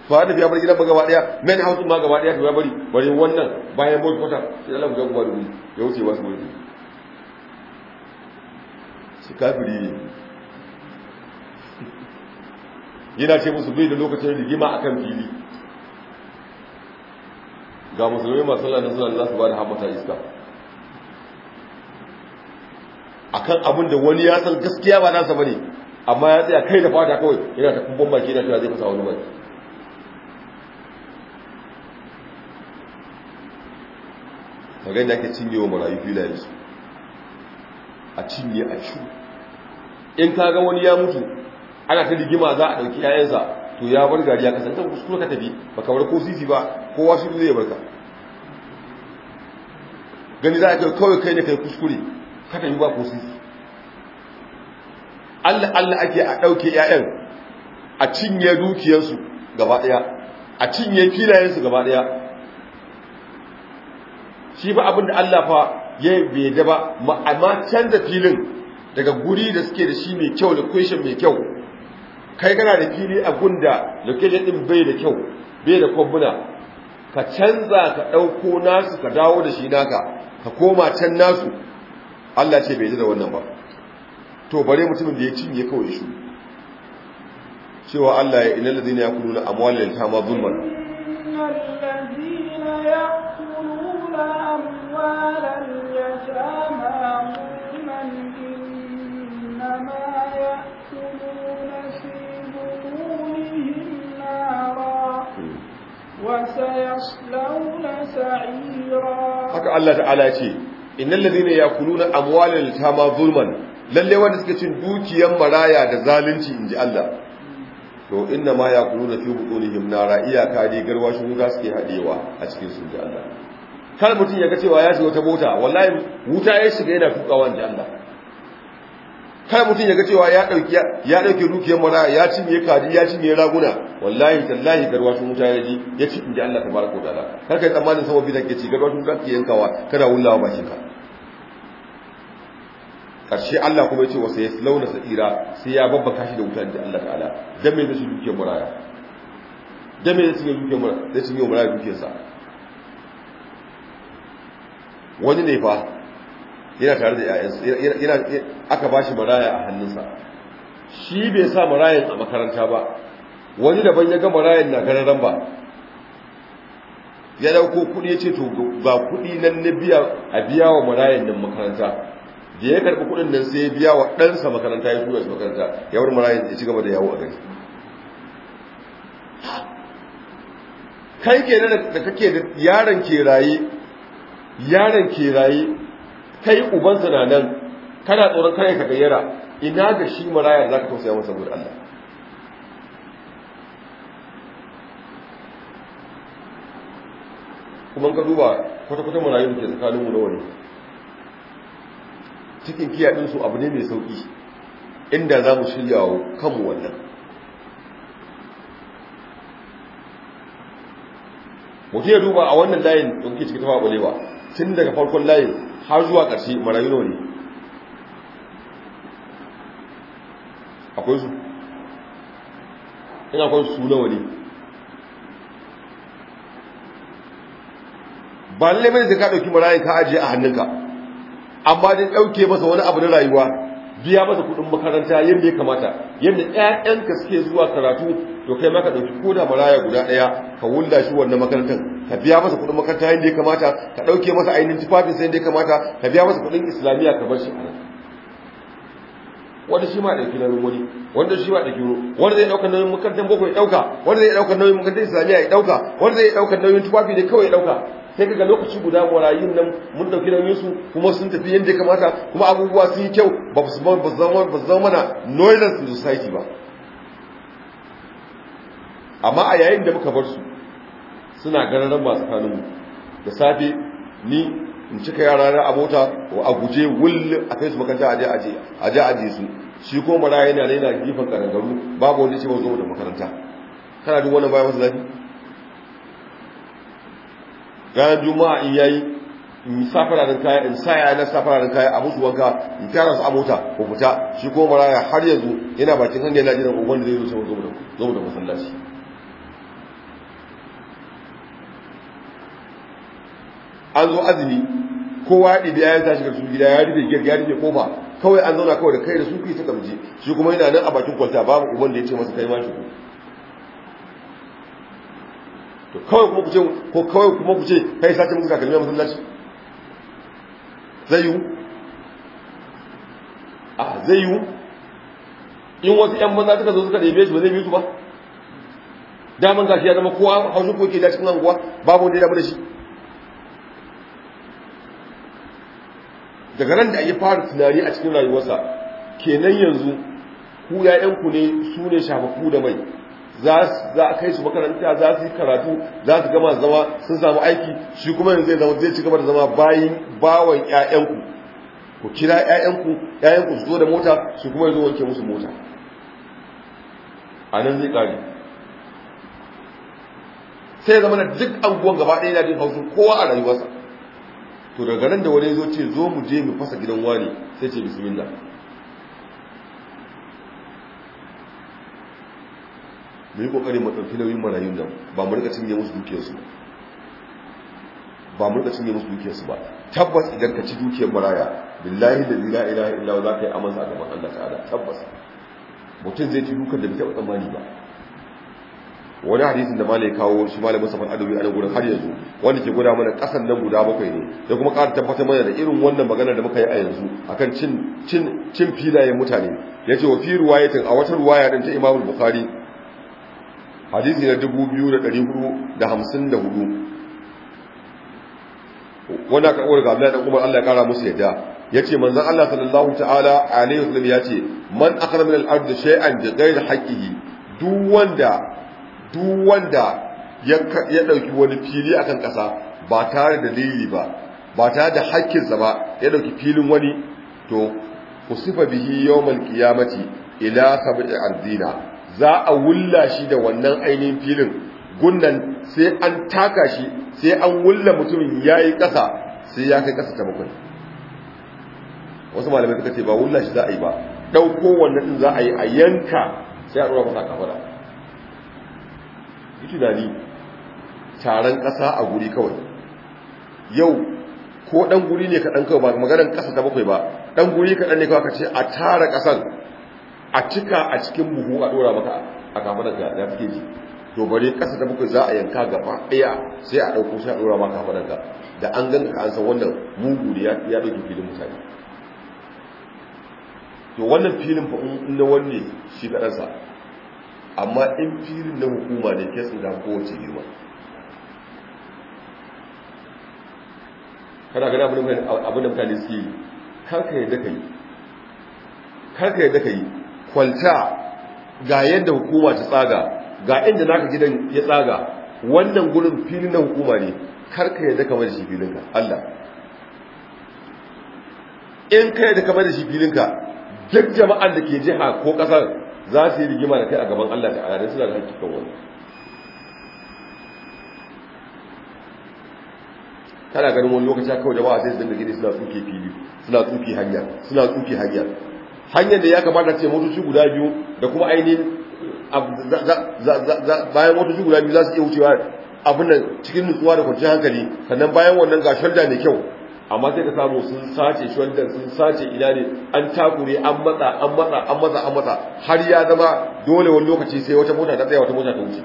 to annabi ya bar gidan ba gaba daya men hausun ma gaba daya ya bari bari wannan bayan boy kwata sai Allah ya gaba da wuri ya wuce wasu wuri su kafiri yana ce musu bai da lokacin rigima akan fili ga musulmi masu lalata suna da za su ba da hamata iska akan abin da wani ya san gaskiya ba nasa bane amma ya tsaya kai da fata kawai yana ta kumbon baki yana tura zai fasa wani baki kaga da ake cinye wa marayu filayen su a cinye a shu in ka ga wani ya mutu ana ta rigima za a ɗauki 'ya'yansa to ya bar gari ya kasance kuskure ka tafi ba bar ko sisi ba kowa shi zai barka gani za a kai kawai kai ne kai kuskure ka tafi ba ko sisi Allah Allah ake a ɗauke 'ya'yan a cinye dukiyarsu gaba ɗaya a cinye filayensu gaba ɗaya shi ba abin da Allah fa ya bai da ba amma canza filin daga guri da suke da shi mai kyau da location mai kyau kai kana da fili a gunda location din bai da kyau bai da kwabbuna ka canza ka ɗauko nasu ka dawo da shi naka ka koma can nasu Allah ce bai da wannan ba to bare mutumin da ya cinye kawai shi cewa Allah ya inal ladina yakuluna amwalil ma zulman haka Allah ta'ala ce innal ladina yakuluna amwalal tama zulman lalle wanda suke cin dukiyan maraya da zalunci inji Allah to inna ma yakuluna fi butunihim nara iyaka dai garwashin su suke hadewa a cikin sunan Allah kar mutum ya ga cewa ya shiga ta mota wallahi wuta ya shiga yana tuka wanda Allah kar mutum ya ga cewa ya dauki ya dauki dukiyar mara ya ci me kaji ya ci me raguna wallahi tallahi garwa sun wuta ya ji ya ci inda Allah tabaraka wa ta'ala kar kai tsammanin sabon bidan ke ci garwa sun kan ke yankawa kana wullawa bakin ka karshe Allah kuma ya ce wasa yaslauna sa'ira sai ya babbaka shi da wuta da Allah ta'ala dan me zai dukiyar mara dan me zai dukiyar mara zai ci me mara dukiyar sa wani ne fa yana tare da yayansa aka ba shi maraya a hannunsa shi bai sa marayan a makaranta ba wani daban ya ga marayan na gararan ba ya dauko kudi ya ce to ga kudi nan na biya a biya wa marayan nan makaranta da ya karbi kudin nan sai ya biya wa ɗansa makaranta ya tura shi makaranta ya wuri marayan ya ci gaba da yawo a gari kai ke da kake da yaron ke raye yaron ke raye kai ubansa na nan kana tsoron kare ka gayyara ina ga shi maraya za ka tausaya masa gudu Allah kuma ka duba kwata-kwata marayu da ke tsakaninmu na wani cikin kiyaɗinsu abu ne mai sauƙi inda za mu shirya wa kanmu wannan mutu ya duba a wannan layin da kuke cikin tafa ɓalewa tun daga farkon layi har zuwa ƙarshe marayu nawa ne akwai su ina kwan su nawa ne ba lalle mai da ka ɗauki marayu ka ajiye a hannunka amma dai ɗauke masa wani abu na rayuwa biya masa kuɗin makaranta yadda ya kamata yadda ƴaƴanka suke zuwa karatu to kai ma ka ɗauki koda maraya guda ɗaya ka wulla shi wannan makarantar ka biya masa kuɗin makaranta yadda ya kamata ka ɗauke masa ainihin tufafin sa yadda ya kamata ka biya masa kuɗin islamiyya ka bar shi a nan wanda shi ma ɗauki nauyin wani wanda shi ma ɗauki wani wanda zai ɗaukar nauyin makarantar boko ya ɗauka wanda zai ɗaukar nauyin makarantar islamiyya ya ɗauka wanda zai ɗaukar nauyin tufafi ne kawai ya ɗauka sai ga lokaci guda marayun nan mun dauki nauyin su kuma sun tafi yanda ya kamata kuma abubuwa sun yi kyau ba su ba zama ba zama na society ba amma a yayin da muka bar su suna gararan masu kanunmu da safe ni in cika yara na a mota a guje wulli a kai su makaranta aje aje aje aje su shi ko mara yana yana gifan karangaru babu wani ce ba zo da makaranta kana duk wannan bayan wasu zafi ranar juma'a in yayi in safararin kaya in sa na safararin kaya a musu wanka in tara su a mota ko fita shi ko maraya har yanzu yana bakin hanyar yana jiran uban da zai zo sai zo da masallaci an zo azumi kowa ya ɗibi ya tashi ga su gida ya rufe gida ya rufe kofa kawai an zauna kawai da kai da su yi ta kamje shi kuma yana nan a bakin kwanta, babu uban da ya ce masa kai ma shi ko to kawai kuma ku ce ko kawai kuma ku ce kai sace muku takalmi a masallaci zai yiwu a zai yiwu in wasu yan banza suka zo suka ɗebe shi ba zai bi su ba daman gashi ya zama kowa haushin ko ke da cikin anguwa babu wanda ya damu da shi daga ran da ya fara tunani a cikin rayuwarsa kenan yanzu ku ya'yanku ne su ne shafafu da mai za a kai su makaranta za su yi karatu za su gama zama sun samu aiki shi kuma yanzu zai zama zai ci gaba da zama bayan bawan ƴaƴanku ku kira ƴaƴanku ƴaƴanku su zo da mota shi kuma yanzu wanke musu mota a nan zai kare sai zama na duk anguwan gaba ɗaya yana jin hausun kowa a rayuwarsa to daga nan da wani zo ce zo mu je mu fasa gidan wani sai ce bismillah mu yi kokari mu ɗauki nauyin marayun nan ba mu rika cinye musu dukiyarsu ba mu rika cinye musu dukiyarsu ba tabbas idan ka ci dukiyar maraya billahi da la ilaha illa za ka yi amansa a gaban Allah ta'ala tabbas mutum zai ci dukar da bai taɓa tsammani ba wani hadisin da malai kawo shi malamin safan adawi a nan gurin har yanzu wanda ke guda mana kasan nan guda bakwai ne da kuma ƙara tabbatar mana da irin wannan maganar da muka yi a yanzu akan cin cin cin filayen mutane yace wa fi ruwayatin a wata ruwaya din ta Imam Bukhari hadisi na 2454 wanda ka ƙorar ga Allah da Umar Allah ya kara musu yadda yace manzon Allah sallallahu ta'ala alaihi wasallam yace man akhara min al-ard shay'an bi ghairi haqqihi duk wanda duk wanda ya ya dauki wani fili akan kasa ba tare da dalili ba ba tare da sa ba ya dauki filin wani to usifa bihi yawmal qiyamati ila sab'i ardina za a wulla shi da wannan ainihin filin gunnan sai an taka shi sai an wulla mutumin ya yi ƙasa sai ya kai ƙasa ta bakwai wasu malamai suka ce ba wulla shi za a yi ba ɗauko wannan ɗin za a yi a yanka sai a ɗora masa kafara yi tunani taron ƙasa a guri kawai yau ko ɗan guri ne kaɗan kawai ba maganar ƙasa ta bakwai ba ɗan guri kaɗan ne kawai ka ce a tara ƙasan a cika a cikin buhu a dora maka a kafaɗar ka ya kake ji to bari kasa da bakwai za a yanka gaba ɗaya sai a ɗauko shi a dora maka kafaɗar ka da an ganka ka an san wannan mugu da ya ɗauki filin mutane to wannan filin fa in na wanne shi ɗansa amma in filin na hukuma ne sun da kowace girma kana gani abin da mutane suke yi yadda ka yi karka yadda ka yi kwalta ga yadda hukuma ta tsaga ga inda naka gidan ya tsaga wannan gurin filin na hukuma ne karka yadda kamar da shi filinka Allah in ka yadda kamar da shi filinka duk jama'ar da ke jiha ko kasar za su yi rigima da kai a gaban Allah da ayyarin suna da hakkin wani kana ganin wani lokaci kawai jama'a sai su dinga gidi suna tsuke fili suna tsuke hanya suna tsuke hanya hanyar da ya kamata ce motoci guda biyu da kuma ainihin bayan motoci guda biyu za su iya wucewa abin da cikin nutsuwa da kwanciyar hankali sannan bayan wannan ga shalda mai kyau amma sai ka samu sun sace shaldar sun sace ina ne an takure an matsa an matsa an matsa an matsa har ya zama dole wani lokaci sai wata mota ta tsaye wata mota ta wuce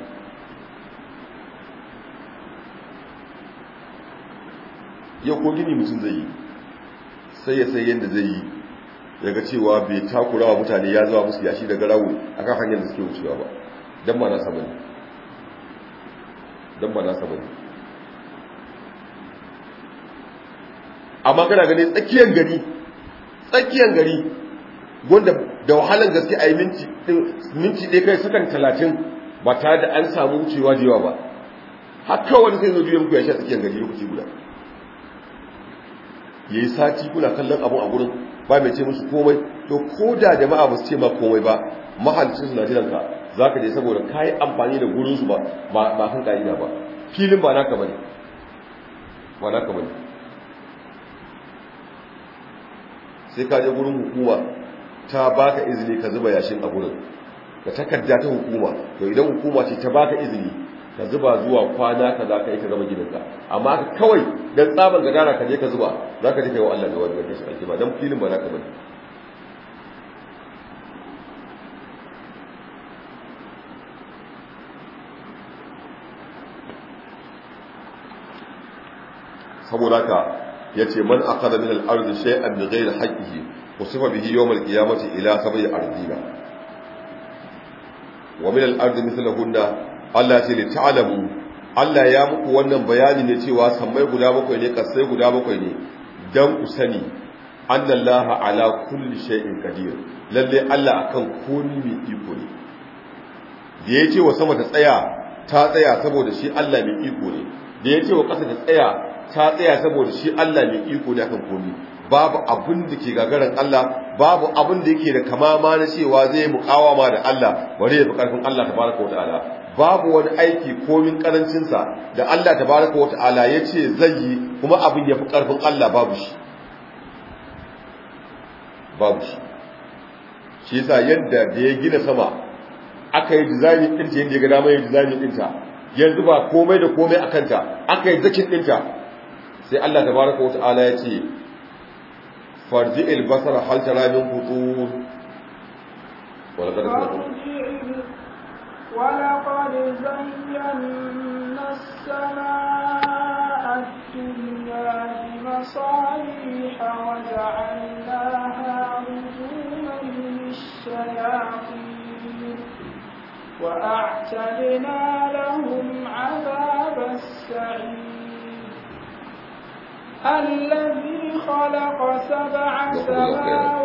ya ko gini mutum zai yi sai ya sai yadda zai yi ya ga cewa bai takura wa mutane ya zama musu yashi daga rawu a kan hanyar da suke wucewa ba don ba nasa bane don ba nasa bane amma kana gane tsakiyar gari tsakiyar gari wanda da wahalar gaske a yi minti ɗaya kai sukan talatin ba tare da an samu wucewa jewa ba haka wani zai zo muku yashi a tsakiyar gari lokaci guda ya yi sati kuna kallon abin a gurin ba mai ce musu komai to ko da jama'a ba su ce ma komai ba mahallin suna jiran ka za ka je saboda ka yi amfani da gurinsu ba ba kan ka'ida ba filin ba naka bane ba naka bane sai ka je gurin hukuma ta baka izini ka zuba yashin a gurin da takarda ta hukuma to idan hukuma ce ta baka izini ka zuba zuwa kwana ka za ka yi ka gama gidanka amma kawai don tsabar gadara ka je ka zuba za ka je ka yi wa Allah da wani rashin alkima don filin ba za ka bari saboda ka yace man akada min al-ardi zai bi ghayri ku usifa bihi yawm mai qiyamati ila sab'i ardina wa min al-ardi mithluhunna Allah ce da ta'alamu Allah ya muku wannan bayani ne cewa sammai guda bakwai ne kasai guda bakwai ne dan ku sani annallaha ala kulli shay'in qadir lalle Allah akan komi mai iko ne da ya ce wa sama ta tsaya ta tsaya saboda shi Allah mai iko ne da ya ce wa ƙasa ta tsaya ta tsaya saboda shi Allah mai iko ne akan komi babu abin da ke gagarin Allah babu abin da yake da kamama na cewa zai muƙawama da Allah bare ya fi ƙarfin Allah tabaraka wa ta'ala babu wani aiki komin karancinsa da Allah tabaraka wa ta'ala ya ce zai yi kuma abin ya fi ƙarfin Allah babu shi babu shi shi yasa yadda da ya gina sama aka yi dizayin ɗinta yadda ya ga dama yi dizayin ɗinta yanzu ba komai da komai a kanta aka yi zakin ɗinta sai Allah tabaraka wa ta'ala ya ce farji albasar hal tara min futur wala qad ولقد زينا السماء الدنيا بمصابيح وجعلناها رجوما للشياطين وأعتدنا لهم عذاب السعير الذي خلق سبع سماوات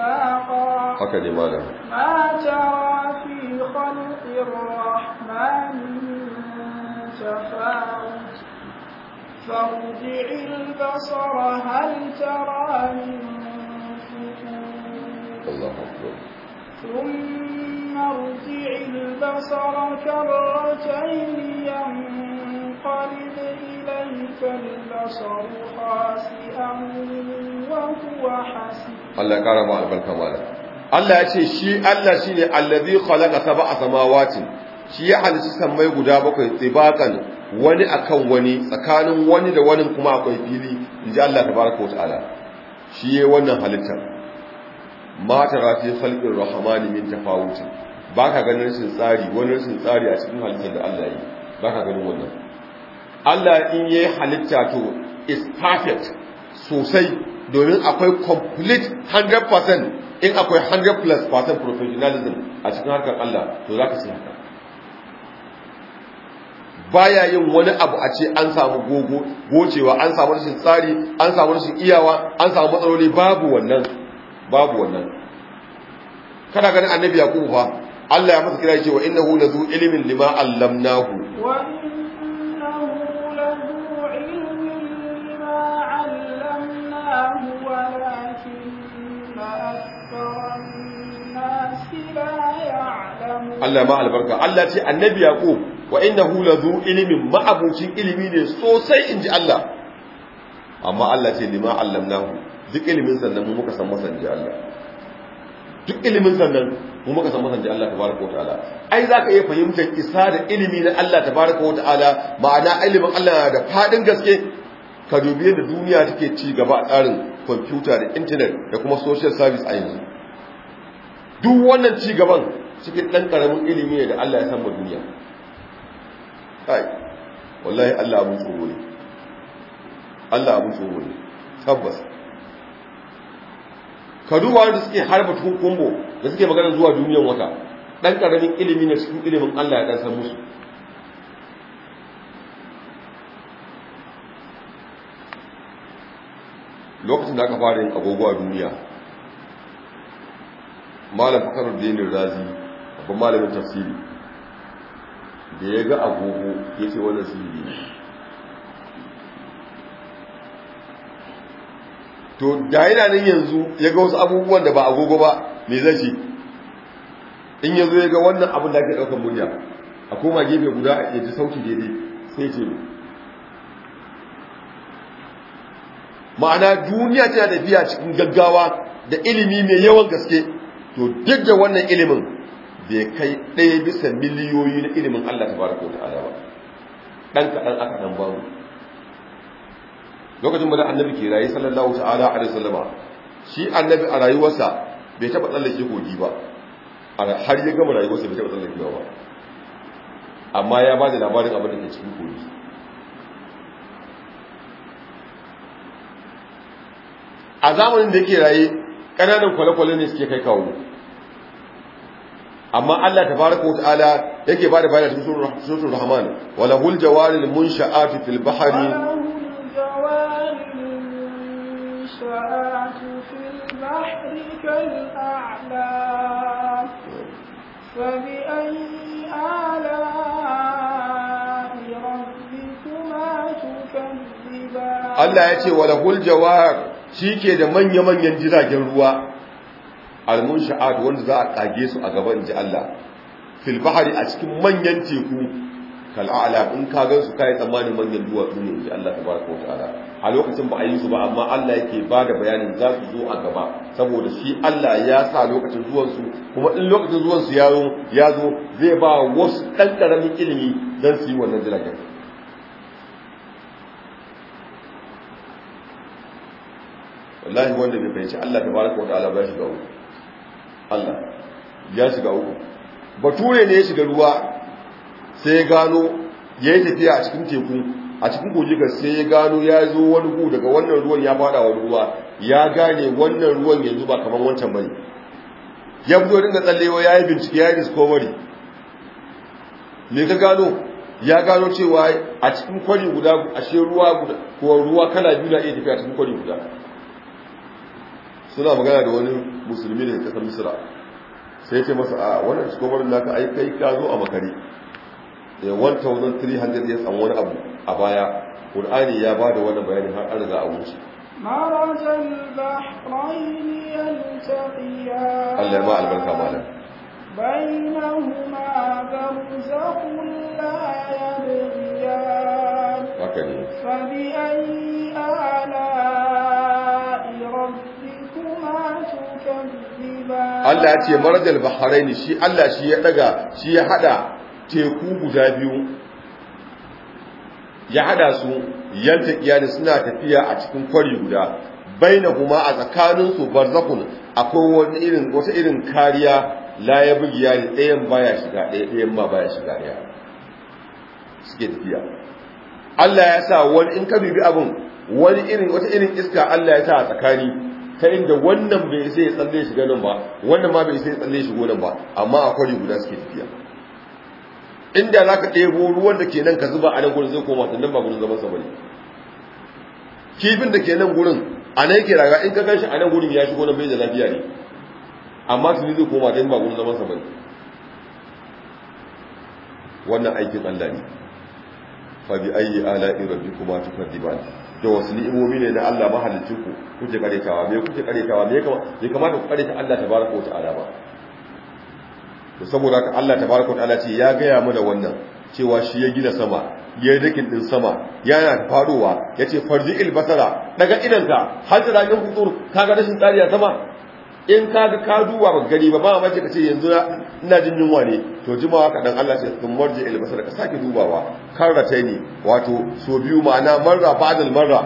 اتفاقا حكى دي ما ترى في خلق الرحمن تفاوت فارجع البصر هل ترى من الله أكبر ثم ارجع البصر كرتين ينقلب إليك البصر خاسئا Allah ya kara ma albarka malam Allah ya ce shi Allah ne allazi khalaqa sab'a samawati shi ya san mai guda bakwai tsibakan wani akan wani tsakanin wani da wani kuma akwai fili inji Allah tabaraka wataala shi ya wannan halitta ma tara fi khalqir rahmani min tafawuti baka ganin rashin tsari wani rashin tsari a cikin halittar da Allah yi baka ganin wannan Allah in yayi halitta to is perfect sosai domin akwai complete 100% in akwai 100 plus percent professionalism a cikin harkar Allah to za ka sai haka baya yin wani abu a ce an samu gogo gocewa an samu rashin tsari an samu rashin iyawa an samu matsaloli babu wannan babu wannan kana ganin annabi yakubu fa Allah ya masa kira ya ce wa innahu lazu ilmin lima allamnahu wa الله ولكن أكثر الناس لا يعلمون الله ما البركة الله تي النبي يقول وإنه لذو علم ما أبوتين علمي سوسي إنجي الله أما الله تي لما علمناه duk ilimin sannan mu muka san masanji Allah duk ilimin sannan mu muka san masanji Allah tabaraka ta'ala. ai zaka iya fahimtar isa da ilimi na Allah tabaraka ta'ala ma'ana ilimin Allah da fadin gaske ka dubi yadda duniya take ci gaba a tsarin kwamfuta da intanet da kuma social service a yanzu duk wannan ci gaban cikin ɗan ƙaramin ilimi ne da Allah ya san ba duniya kai wallahi Allah abu tsoro ne Allah abun tsoro ne tabbas ka duba wanda suke harba kumbo da suke magana zuwa duniyar wata ɗan ƙaramin ilimi ne cikin ilimin Allah ya ɗan san musu lokacin da aka fara yin agogo a duniya malam fakaruddin razi abin malamin tafsiri da ya ga agogo ya ce wannan sihiri ne to da yana nan yanzu ya ga wasu abubuwan da ba agogo ba me zai ce in yanzu ya ga wannan abin da ake ɗaukar murya a koma gefe guda ya ji sauki daidai sai ce ma'ana duniya tana biya cikin gaggawa da ilimi mai yawan gaske to duk da wannan ilimin bai kai ɗaya bisa miliyoyi na ilimin Allah ta baraka wa ta'ala ba dan kaɗan aka dan ba mu lokacin da annabi ke rayu sallallahu ta'ala alaihi wasallama shi annabi a rayuwarsa bai taɓa tsallake gogi ba har ya gama rayuwarsa bai taɓa tsallake ba amma ya ba da labarin abin da ke cikin gogi a zamanin da ke raye ƙananan kwale-kwale ne suke kai kawo amma Allah Ta fara wa ta'ala yake bada da sun sun rahman wala hul mun munsha'ati fil bahari. Allah ya ce wala hul jawar shi ke da manya-manyan jiragen ruwa almun sha'ad wanda za a kage su a gaban ji Allah Filbahari, a cikin manyan teku kal'ala in ka gan su kai tsammanin manyan duwatsu ne ji Allah ala a lokacin ba a yi su ba amma Allah yake ba da bayanin za su zo a gaba saboda shi Allah ya sa lokacin zuwansu. kuma in lokacin zuwansu ya zo zai ba wasu ɗan ƙaramin ilimi don su yi wannan jiragen wallahi wanda bai fahimci Allah da baraka wata ala ba shiga uku Allah ya shiga uku bature ne ya shiga ruwa sai ya gano ya yi tafiya a cikin teku a cikin kojiga sai ya gano ya zo wani gu daga wannan ruwan ya fada wa ruwa ya gane wannan ruwan yanzu ba kamar wancan bane ya fito dinga tsallewa ya yi bincike ya yi discovery me ka gano ya gano cewa a cikin kwari guda ashe ruwa guda ko ruwa kala biyu na iya tafiya cikin kwari guda suna magana da wani musulmi ne kasar misira sai ce masa a wannan discovery da ka aikai ka zo a makare ya eh, 1300 years an wani abu a baya qur'ani ya ba da wannan bayani har an a wuce Allah ya ba albarka malam بينهما برزق لا يبغيان فبأي Allah ya ce marajal bahrain shi Allah shi ya daga shi ya hada teku guda biyu ya hada su yanta kiyani suna tafiya a cikin kwari guda Baina kuma a tsakanin su barzakun akwai wani irin wata irin kariya la ya bugi yari ɗayan baya shiga ɗaya ɗayan ma baya shiga ɗaya suke tafiya Allah ya sa wani in ka bibi abin wani irin wata irin iska Allah ya sa a tsakani ta inda wannan bai sai ya tsalle shiga nan ba wannan ma bai sai ya tsalle shi nan ba amma a kwari guda suke tafiya inda za ka ɗebo ruwan da ke nan ka zuba a nan gurin zai koma nan ba gurin zaman sa bane kifin da ke nan gurin a nan yake raga, in ka gan shi a nan gurin ya shigo nan bai da lafiya ne amma su ne zai koma nan ba gurin zaman sa bane wannan aikin Allah ne fa bi ayyi ala'i rabbikuma tukadiban da wasu ni'imomi ne na Allah mahalicci ku kuke karetawa me kuke karetawa me ya kamata ku kareta Allah tabaraka wa ta'ala ba to saboda haka Allah tabaraka wa ta'ala ce ya gaya mu da wannan cewa shi ya gina sama ya yi dakin din sama yana faruwa ya ce farji ilbasara daga idanka har da ranar hutsur kaga rashin tsari a sama in ka ga ka duba ba gari ba ba mace ka ce yanzu ina jin yunwa ne to jimawa ka dan Allah ce kun marje albasar ka sake dubawa karrata ne wato so biyu ma'ana marra ba'dal marra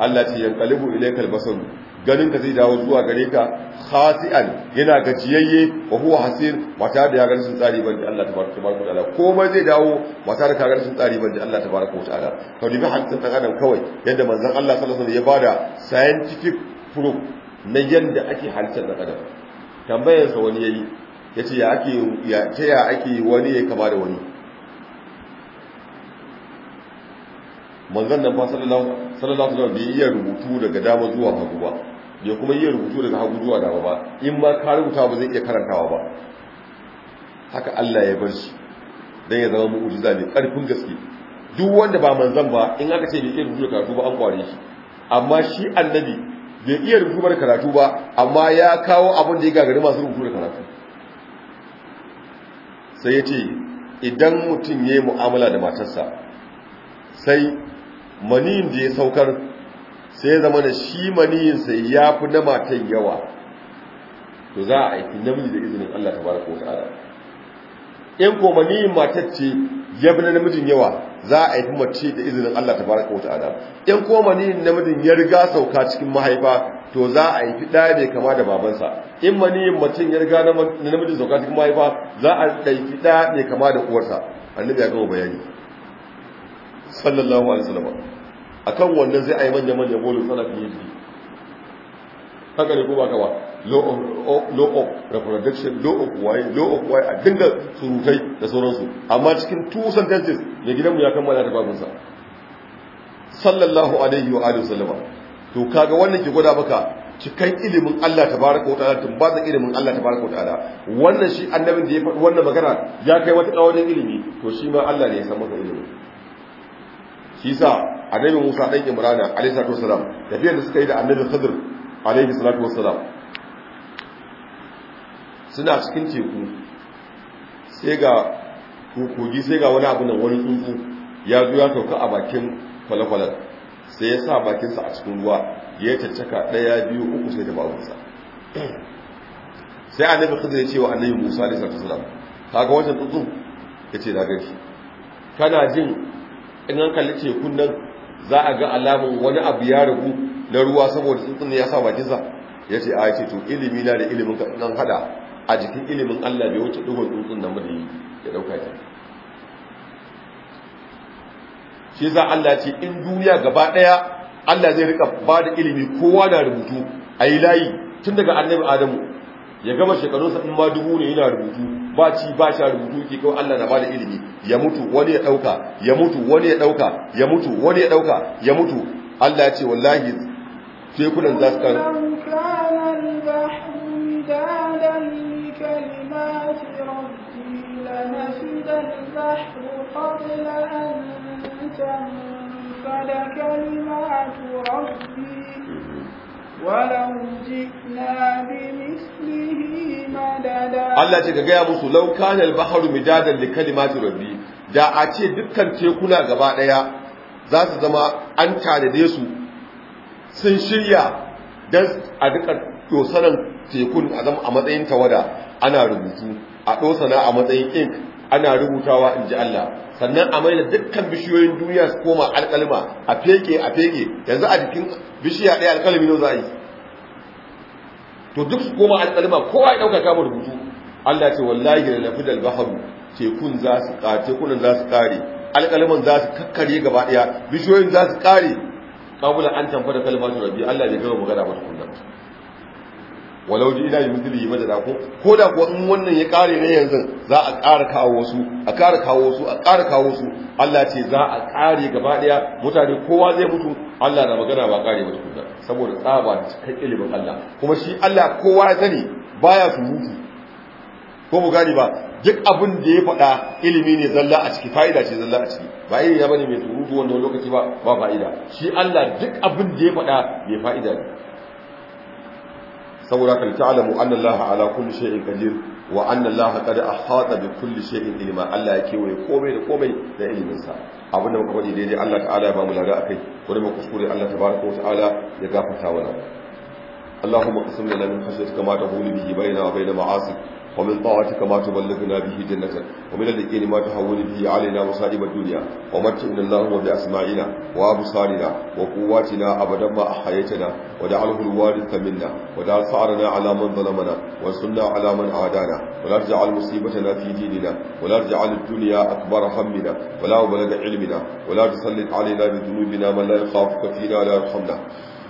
Allah ce yanqalibu ilaykal basar ganin ka zai dawo zuwa gare ka khasi'an yana gajiyayye wa huwa hasir mata da ya ga sun tsari banda Allah tabaraka wa ta'ala komai zai dawo mata da ka ga sun tsari banda Allah tabaraka wa ta'ala to dubi hadisin dan adam kawai yadda manzon Allah sallallahu alaihi wasallam ya bada scientific proof na yadda ake halittar da adam tambayarsa wani yayi ya ce ya ta ya ake wani ya kama da wani manzan nan ba sallallahu sallallahu bai iya rubutu daga dama zuwa hagu ba bai kuma iya rubutu daga hagu zuwa dama ba in ba ka rubuta ba zai iya karantawa ba haka Allah ya bar shi don ya zama mu'jiza mai karfin gaske duk wanda ba manzan ba in aka ce bai iya rubutu da karatu ba an kware shi amma shi annabi bai iya rubutu da karatu ba amma ya kawo abin da ya gagari masu rubutu da karatu sai ya ce idan mutum ya yi mu'amala da matarsa sai maniyin da ya saukar sai ya zama da shi maniyinsa ya fi na matan yawa to za a aiki namiji da izinin Allah ta baraka wata in koma ni matacce ce ya bi na namijin yawa za a yi mace da izinin Allah ta baraka wata ana in koma ni namijin ya riga sauka cikin mahaifa to za a yi ɗaya ne kama da babansa in maniyin mace ya riga na namijin sauka cikin mahaifa za a yi ɗaya ne kama da uwarsa annabi ya gama bayani sallallahu alaihi wasallam akan wannan zai a yi manya manya bolin salafi yaji haka ne ko ba ka ba law of reproduction law of why law of why a dinga surutai da sauransu amma cikin two sentences mai gidanmu ya kammala da babinsa sallallahu alaihi wa alihi wasallama to kaga wannan ke gwada maka cikan ilimin Allah tabaraka wataala tumbazan ilimin Allah tabaraka ta'ala wannan shi annabin da ya faɗi wannan magana ya kai wata kawanin ilimi to shi ma Allah ne ya san masa ilimi shi sa annabi Musa dan Imran alaihi salatu wassalam tafiyar da suka yi da annabi Khidr alaihi salatu wassalam suna cikin teku sai ga kogi sai ga wani abu nan wani tsuntsu ya zo ya sauka a bakin kwale-kwalen sai ya sa bakinsa a cikin ruwa ya caccaka ɗaya biyu uku sai da babunsa sai annabi khidir ya ce wa annabi musa alaihi salatu wasalam kaga wajen tsuntsu ya ce na gani kana jin in an kalli tekun nan za a ga alamun wani abu ya ragu na ruwa saboda tsuntsun ya sa bakinsa ya ce a ce to ilimi na da ilimin ka in an hada a jikin ilimin Allah bai wuce duhun dutsen da mulki ya dauka ki shi za Allah ce in duniya gaba daya Allah zai rika ba da ilimi kowa na rubutu ayi layi tun daga annabi Adamu ya gama shekarunsa in ma dubu ne yana rubutu ba ci ba sha rubutu ke kawai Allah na ba da ilimi ya mutu wani ya dauka ya mutu wani ya dauka ya mutu wani ya dauka ya mutu Allah ya ce wallahi tekunan za su نفد Allah ce ka gaya musu lau kana al-bahru midadan kalimati rabbi da a ce dukkan tekuna gaba daya za su zama an tanade su sun shirya dan a duka tosanan tekun a zama a matsayin tawada ana rubutu a ɗosana a matsayin ink ana rubutawa in ji Allah sannan a maida dukkan bishiyoyin duniya su koma alƙalma a feke a feke yanzu a jikin bishiya ɗaya alƙalmi ne za a yi to duk su koma alƙalma kowa ya ɗauka kama rubutu Allah ce wallahi da lafi da albaharu tekun za su ƙare tekunan za su ƙare alƙalman za su kakkare gaba ɗaya bishiyoyin za su ƙare kabula an tamfa da kalmatu rabbi Allah ya gama magana ba tukunna walau ji ina yi mutuli madada ko ko da kuwa in wannan ya kare ne yanzu za a kara kawo su a kara kawo su a kara kawo su Allah ce za a ƙare gaba ɗaya mutane kowa zai mutu Allah na magana ba ƙare ba saboda tsaba da cikin ilimin Allah kuma shi Allah kowa ya sani baya su mutu ko mu gani ba duk abin da ya faɗa ilimi ne zalla a ciki fa'ida ce zalla a ciki ba ya bane mai surutu wannan lokaci ba ba fa'ida shi Allah duk abin da ya faɗa mai fa'ida ne saboda kan ta'lamu anna allaha ala kulli shay'in qadir wa anna allaha qad ahata bi kulli shay'in ilma allah ya kewaye komai da komai da ilimin sa abinda muka faɗi daidai allah ta'ala ya ba mu lada akai wani mu kuskure allah tabaraka wa ta'ala ya gafarta mana اللهم اقسم لنا من خشيتك ما تقول به بيننا وبين معاصيك ومن طاعتك ما تبلغنا به جنتك ومن اليقين ما تهون به علينا مصائب الدنيا ومتعنا الله باسماعنا وأبصارنا وقواتنا أبدا ما أحييتنا وجعله الوارث منا وجعل ثأرنا على من ظلمنا وانصرنا على من عادانا ولا تجعل مصيبتنا في ديننا ولا تجعل الدنيا أكبر همنا ولا بلد علمنا ولا تسلط علينا بذنوبنا من لا يخافك فينا ولا يرحمنا